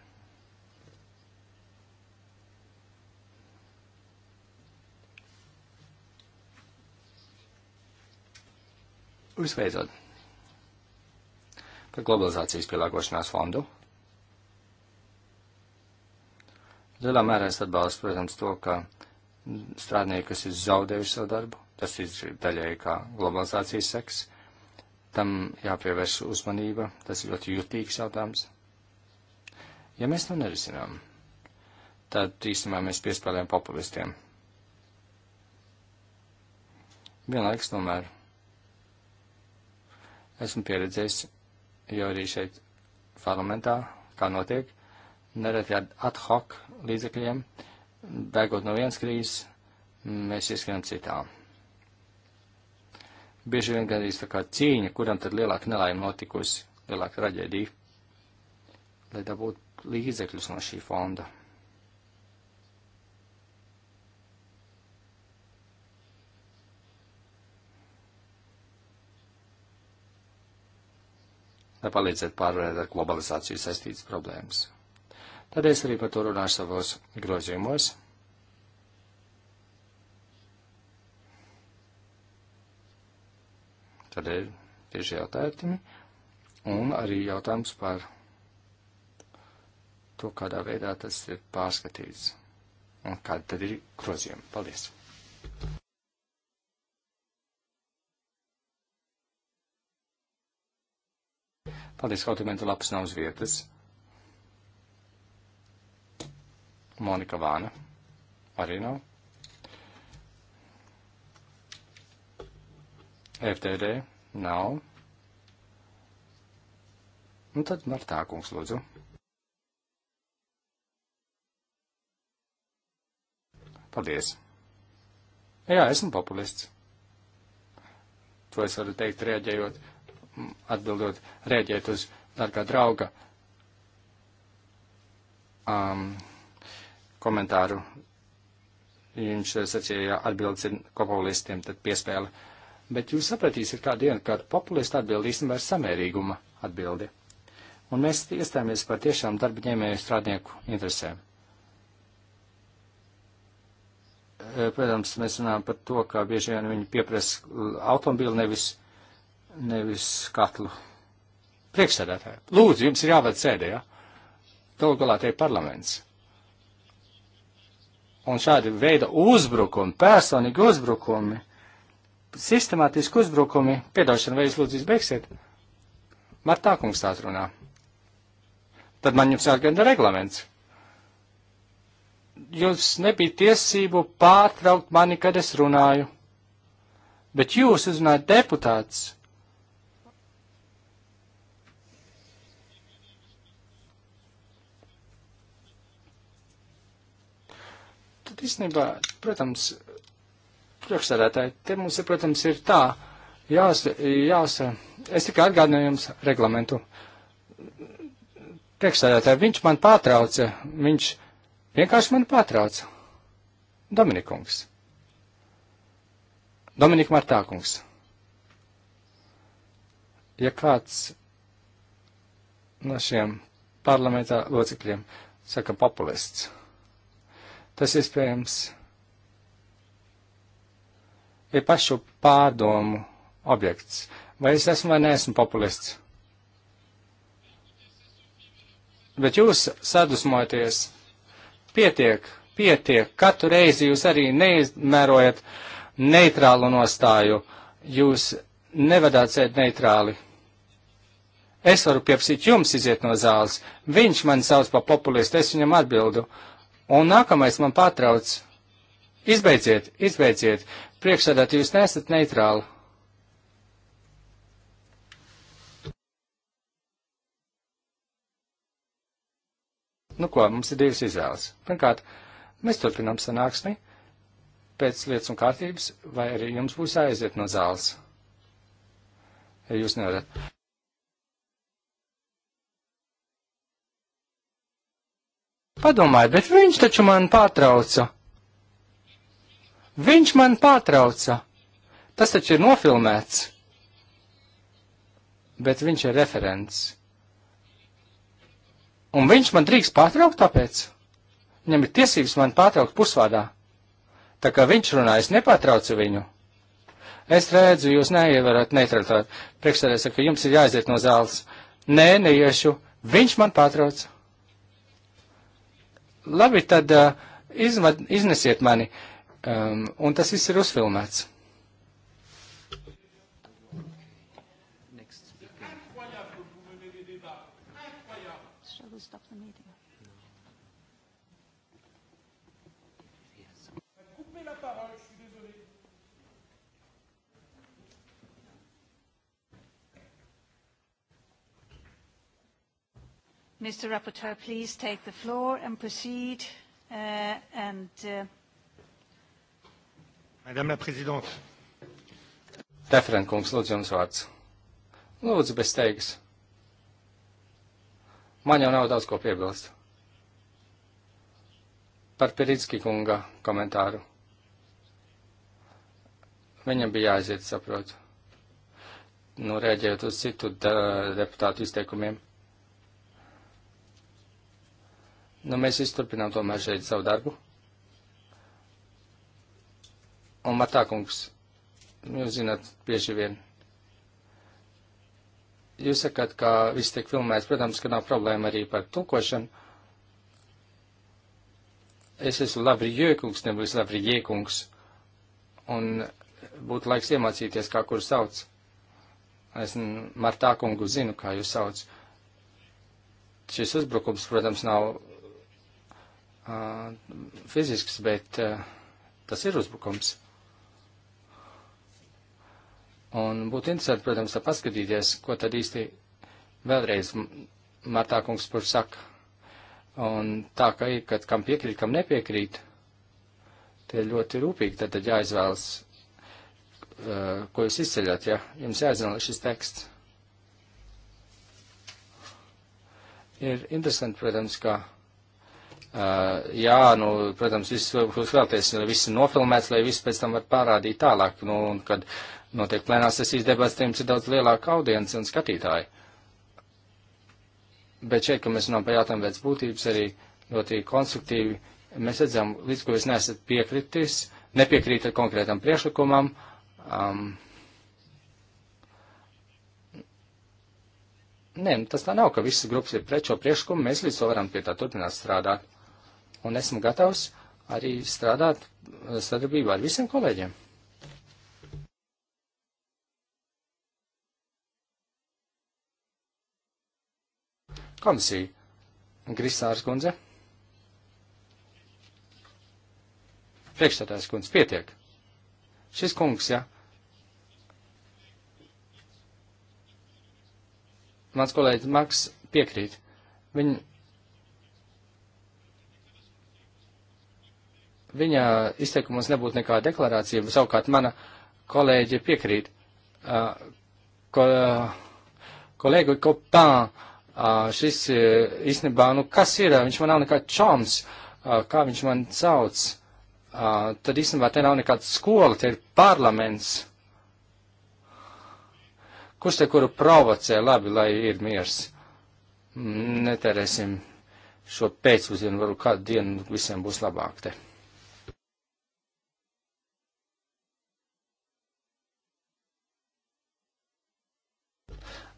Visbeidzot, par globalizācijas pielāgošanās fondu. Lielā mērā es atbalstu, protams, to, ka strādnieki, kas ir zaudējuši savu darbu, tas ir daļēji kā globalizācijas seks, tam jāpievērš uzmanība, tas ir ļoti jutīgs jautājums. Ja mēs to nerisinām, tad īstenībā mēs piespēlējam populistiem. Vienlaiks tomēr. No Esmu pieredzējis, jo arī šeit parlamentā, kā notiek, nereti ar ad hoc līdzekļiem, bēgot no vienas krīzes, mēs ieskrienam citā. Bieži vien gandrīz tā kā cīņa, kuram tad lielāka nelaime notikusi, lielāka traģēdija, lai dabūtu līdzekļus no šī fonda. lai palīdzētu pārvarēt ar globalizāciju saistītas problēmas. Tad es arī par to runāšu savos grozījumos. Tad ir tieši jautājumi un arī jautājums par to, kādā veidā tas ir pārskatīts un kādi tad ir grozījumi. Paldies! Paldies, kaut kādā lapas nav uz vietas. Monika Vāna arī nav. FTD nav. Un tad Martā kungs lūdzu. Paldies. Jā, esmu populists. To es varu teikt, rēģējot atbildot, rēģēt uz dārgā drauga um, komentāru. Viņš sacīja, ja atbildes ir populistiem, tad piespēle. Bet jūs sapratīsiet, kā diena, kad populista atbildi īstenībā ir samērīguma atbildi. Un mēs iestājāmies par tiešām darba ņēmēju strādnieku interesēm. Protams, mēs runājam par to, ka bieži vien viņi pieprasa automobīlu nevis uh, nevis katlu. Priekšsēdētāji, lūdzu, jums ir jāved sēdē, ja? Galu galā te ir parlaments. Un šādi veida uzbrukumi, personīgi uzbrukumi, sistemātiski uzbrukumi, piedošana, vai jūs lūdzu izbeigsiet? Martā kungs tā runā. Tad man jums jāatgādina reglaments. Jums nebija tiesību pārtraukt mani, kad es runāju, bet jūs uzrunājat deputāts tad īstenībā, protams, priekšsēdētāji, te mums, ir, protams, ir tā, jās, jās, es tikai atgādināju jums reglamentu. Priekšsēdētāji, viņš man pārtrauca, viņš vienkārši man pārtrauca. Dominikungs. Dominika Martākungs. Ja kāds no šiem parlamentā locekļiem saka populists. Tas iespējams ir pašu pārdomu objekts. Vai es esmu vai neesmu populists? Bet jūs sadusmojaties. Pietiek, pietiek. Katru reizi jūs arī neizmērojat neitrālu nostāju. Jūs nevedāt sēd neitrāli. Es varu pieprasīt jums iziet no zāles. Viņš man sauc par populistu, es viņam atbildu. Uh, Un nākamais man patrauc. Izbeidziet, izbeidziet. Priekšsēdāt, jūs nesat neitrāli. Nu ko, mums ir divas izvēles. Pirmkārt, mēs turpinām sanāksmi pēc lietas un kārtības, vai arī jums būs jāaiziet no zāles. Ja jūs nevarat. Padomājiet, bet viņš taču man pārtrauca. Viņš man pārtrauca. Tas taču ir nofilmēts. Bet viņš ir referents. Un viņš man drīkst pārtraukt tāpēc. Viņam ir tiesības man pārtraukt pusvādā. Tā kā viņš runā, es nepārtraucu viņu. Es redzu, jūs neievarat neutralitāti. Priekšsēdē saka, jums ir jāiziet no zāles. Nē, neiešu. Viņš man pārtrauca. Labi, tad uh, izvad, iznesiet mani. Um, un tas viss ir uzfilmēts. Mr. Rapporteur, please take the floor and proceed. Uh, and, uh... Madame la Présidente. Referent kungs, lūdzu jums vārds. Lūdzu, bez teigas. Man jau nav daudz ko piebilst. Par Piritski kunga komentāru. Viņam bija jāaiziet, saprotu. Nu, rēģējot uz citu deputātu izteikumiem. Nu, mēs visi turpinām tomēr šeit savu darbu. Un Matākungs, jūs zināt, bieži vien. Jūs sakat, ka viss tiek filmēts, protams, ka nav problēma arī par tulkošanu. Es esmu labi jēkungs, nevis labi jēkungs, un būtu laiks iemācīties, kā kur sauc. Es Martā kungu zinu, kā jūs sauc. Šis uzbrukums, protams, nav uh, fizisks, bet uh, tas ir uzbrukums. Un būtu interesanti, protams, paskatīties, ko tad īsti vēlreiz Martā kungs par saka. Un tā, ka ir, kad kam piekrīt, kam nepiekrīt, tie ļoti rūpīgi tad, tad jāizvēlas, uh, ko jūs izceļat, ja jums jāizvēlas šis teksts. Ir interesanti, protams, ka Uh, jā, nu, protams, viss, jūs vēlaties, lai viss ir nofilmēts, lai viss pēc tam var parādīt tālāk, nu, un kad notiek plēnās sesijas debats, tiem ir daudz lielāka audience un skatītāji. Bet šeit, ka mēs runājam par jautājumu pēc būtības, arī ļoti konstruktīvi, mēs redzam, līdz ko jūs nesat piekritis, nepiekrītat konkrētam priešlikumam. Um, Nē, nu, tas tā nav, ka visas grupas ir pret šo priekšlikumu, mēs līdz to varam pie tā turpināt strādāt un esmu gatavs arī strādāt eh, sadarbībā ar visiem kolēģiem. Komisija. Grisārs kundze. Priekšstādājs kundze, pietiek. Šis kungs, ja. Mans kolēģis Maks piekrīt. Viņu viņa izteikumos nebūtu nekā deklarācija, savukārt mana kolēģe piekrīt. Uh, ko, uh, kolēģi Kopān, uh, šis uh, īstenībā, nu kas ir, viņš man nav nekā čoms, uh, kā viņš man sauc, uh, tad īstenībā te nav nekāda skola, te ir parlaments. Kurš te kuru provocē, labi, lai ir miers. Netērēsim šo pēcpusdienu, varbūt kādu dienu visiem būs labāk te.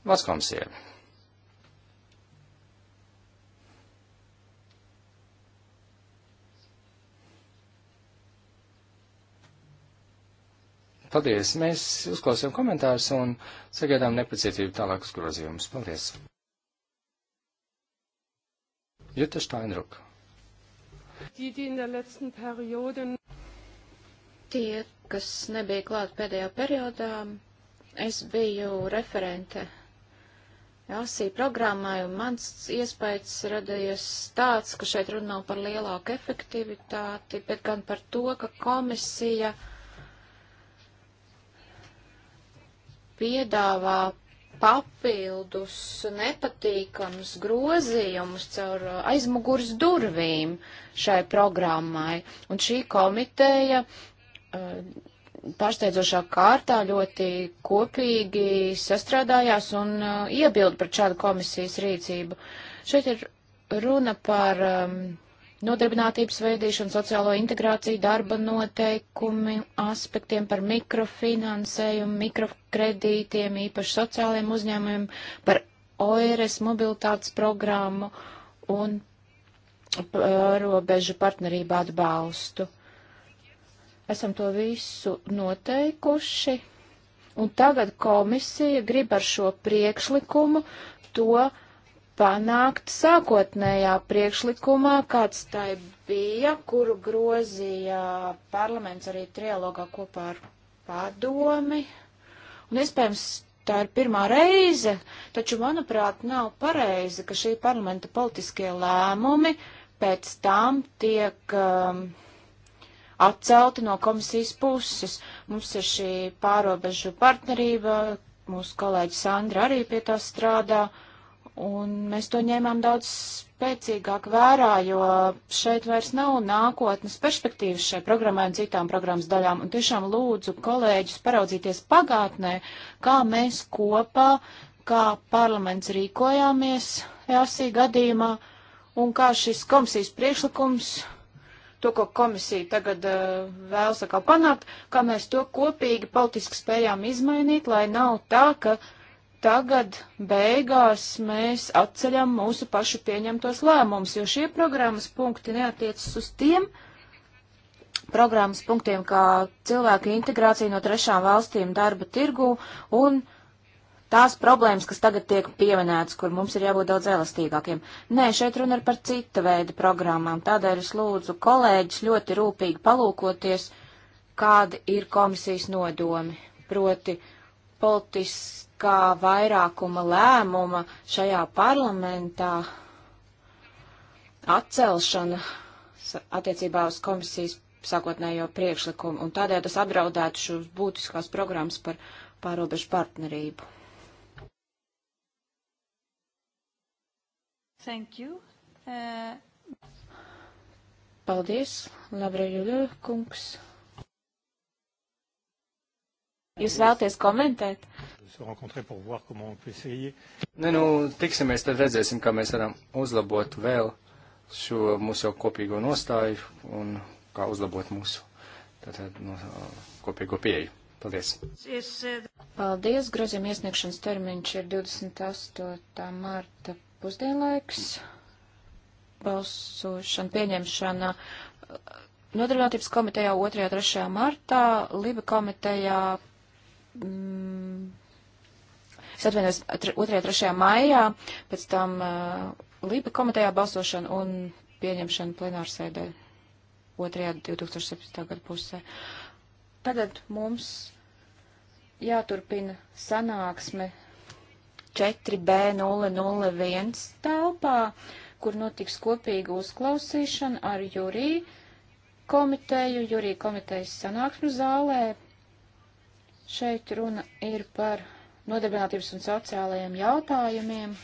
Vad ska de se? Paldies! Mēs uzklausījām komentārus un sagaidām nepacietību tālākus grozījumus. Paldies! Jutta Steinruck. Tie, kas nebija klāt pēdējā periodā, es biju referente ASI programmai, un mans iespējas radījies tāds, ka šeit runa nav par lielāku efektivitāti, bet gan par to, ka komisija piedāvā papildus nepatīkams grozījumus caur uh, aizmugurs durvīm šai programmai, un šī komiteja uh, pārsteidzošā kārtā ļoti kopīgi sastrādājās un uh, iebilda pret šādu komisijas rīcību. Šeit ir runa par um, nodarbinātības veidīšanu, sociālo integrāciju, darba noteikumi, aspektiem par mikrofinansējumu, mikrokredītiem, īpaši sociālajiem uzņēmumiem, par ORS mobilitātes programmu un robežu partnerību atbalstu. Uh, esam to visu noteikuši, un tagad komisija grib ar šo priekšlikumu to panākt sākotnējā priekšlikumā, kāds tai bija, kuru grozīja parlaments arī trialogā kopā ar padomi. Un iespējams, tā ir pirmā reize, taču, manuprāt, nav pareizi, ka šī parlamenta politiskie lēmumi pēc tam tiek. Um, atcelti no komisijas puses. Mums ir šī pārobežu partnerība, mūsu kolēģi Sandra arī pie tā strādā, un mēs to ņēmām daudz spēcīgāk vērā, jo šeit vairs nav nākotnes perspektīvas šai programmai un citām programmas daļām, un tiešām lūdzu kolēģus paraudzīties pagātnē, kā mēs kopā, kā parlaments rīkojāmies EASI gadījumā, un kā šis komisijas priekšlikums to, ko komisija tagad uh, vēlas kā panākt, kā mēs to kopīgi politiski spējām izmainīt, lai nav tā, ka tagad beigās mēs atceļam mūsu pašu pieņemtos lēmumus, jo šie programmas punkti neatiecas uz tiem, programmas punktiem, kā cilvēku integrācija no trešām valstīm darba tirgu un uh, tās problēmas, kas tagad tiek pieminētas, kur mums ir jābūt daudz elastīgākiem. Nē, šeit runa ir par cita veida programmām, tādēļ es lūdzu kolēģis ļoti rūpīgi palūkoties, kādi ir komisijas nodomi, proti politiskā vairākuma lēmuma šajā parlamentā atcelšana attiecībā uz komisijas sākotnējo priekšlikumu, un tādēļ tas apdraudētu šos būtiskās programmas par pārobežu partnerību. Thank you. Uh... Paldies, Labrajuļu kungs. Jūs vēlties komentēt? Ne, nu, tiksimies, tad redzēsim, kā mēs varam uzlabot vēl šo mūsu jau kopīgo nostāju un kā uzlabot mūsu tātad, no, nu, kopīgo pieeju. Paldies. Uh, Paldies. Grozījuma iesniegšanas termiņš ir 28. marta pusdienlaiks. Balsošana, pieņemšana uh, Nodarbinātības komitejā 2.3. martā, Liba komitejā, mm, es atvainojos, 2.3. maijā, pēc tam uh, Liba komitejā balsošana un pieņemšana plenārsēdē 2.2017. gada pusē. Tagad mums jāturpina sanāksme 4B001 telpā, kur notiks kopīga uzklausīšana ar jūrī komiteju, jūrī komitejas sanāksmu zālē. Šeit runa ir par nodarbinātības un sociālajiem jautājumiem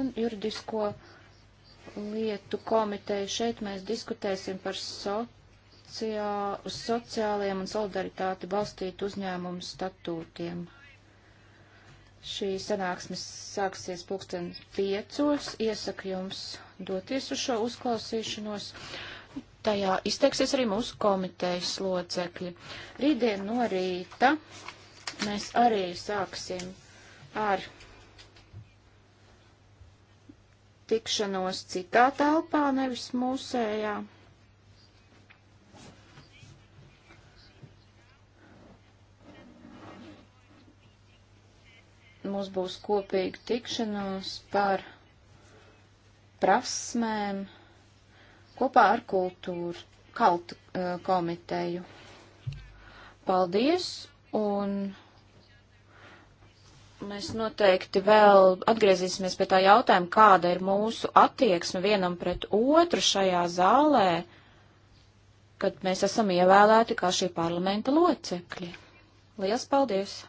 un juridisko lietu komiteju. Šeit mēs diskutēsim par sociā, uz sociālajiem un solidaritāti balstītu uzņēmumu statūtiem. Šī sanāksmes sāksies pulksten piecos. Iesaku jums doties uz šo uzklausīšanos. Tajā izteiksies arī mūsu komitejas locekļi. Rītdien no rīta mēs arī sāksim ar tikšanos citā telpā, nevis mūsējā. mums būs kopīga tikšanos par prasmēm kopā ar kultūru kaltu eh, komiteju. Paldies, un mēs noteikti vēl atgriezīsimies pie tā jautājuma, kāda ir mūsu attieksme vienam pret otru šajā zālē, kad mēs esam ievēlēti kā šī parlamenta locekļi. Lielas paldies!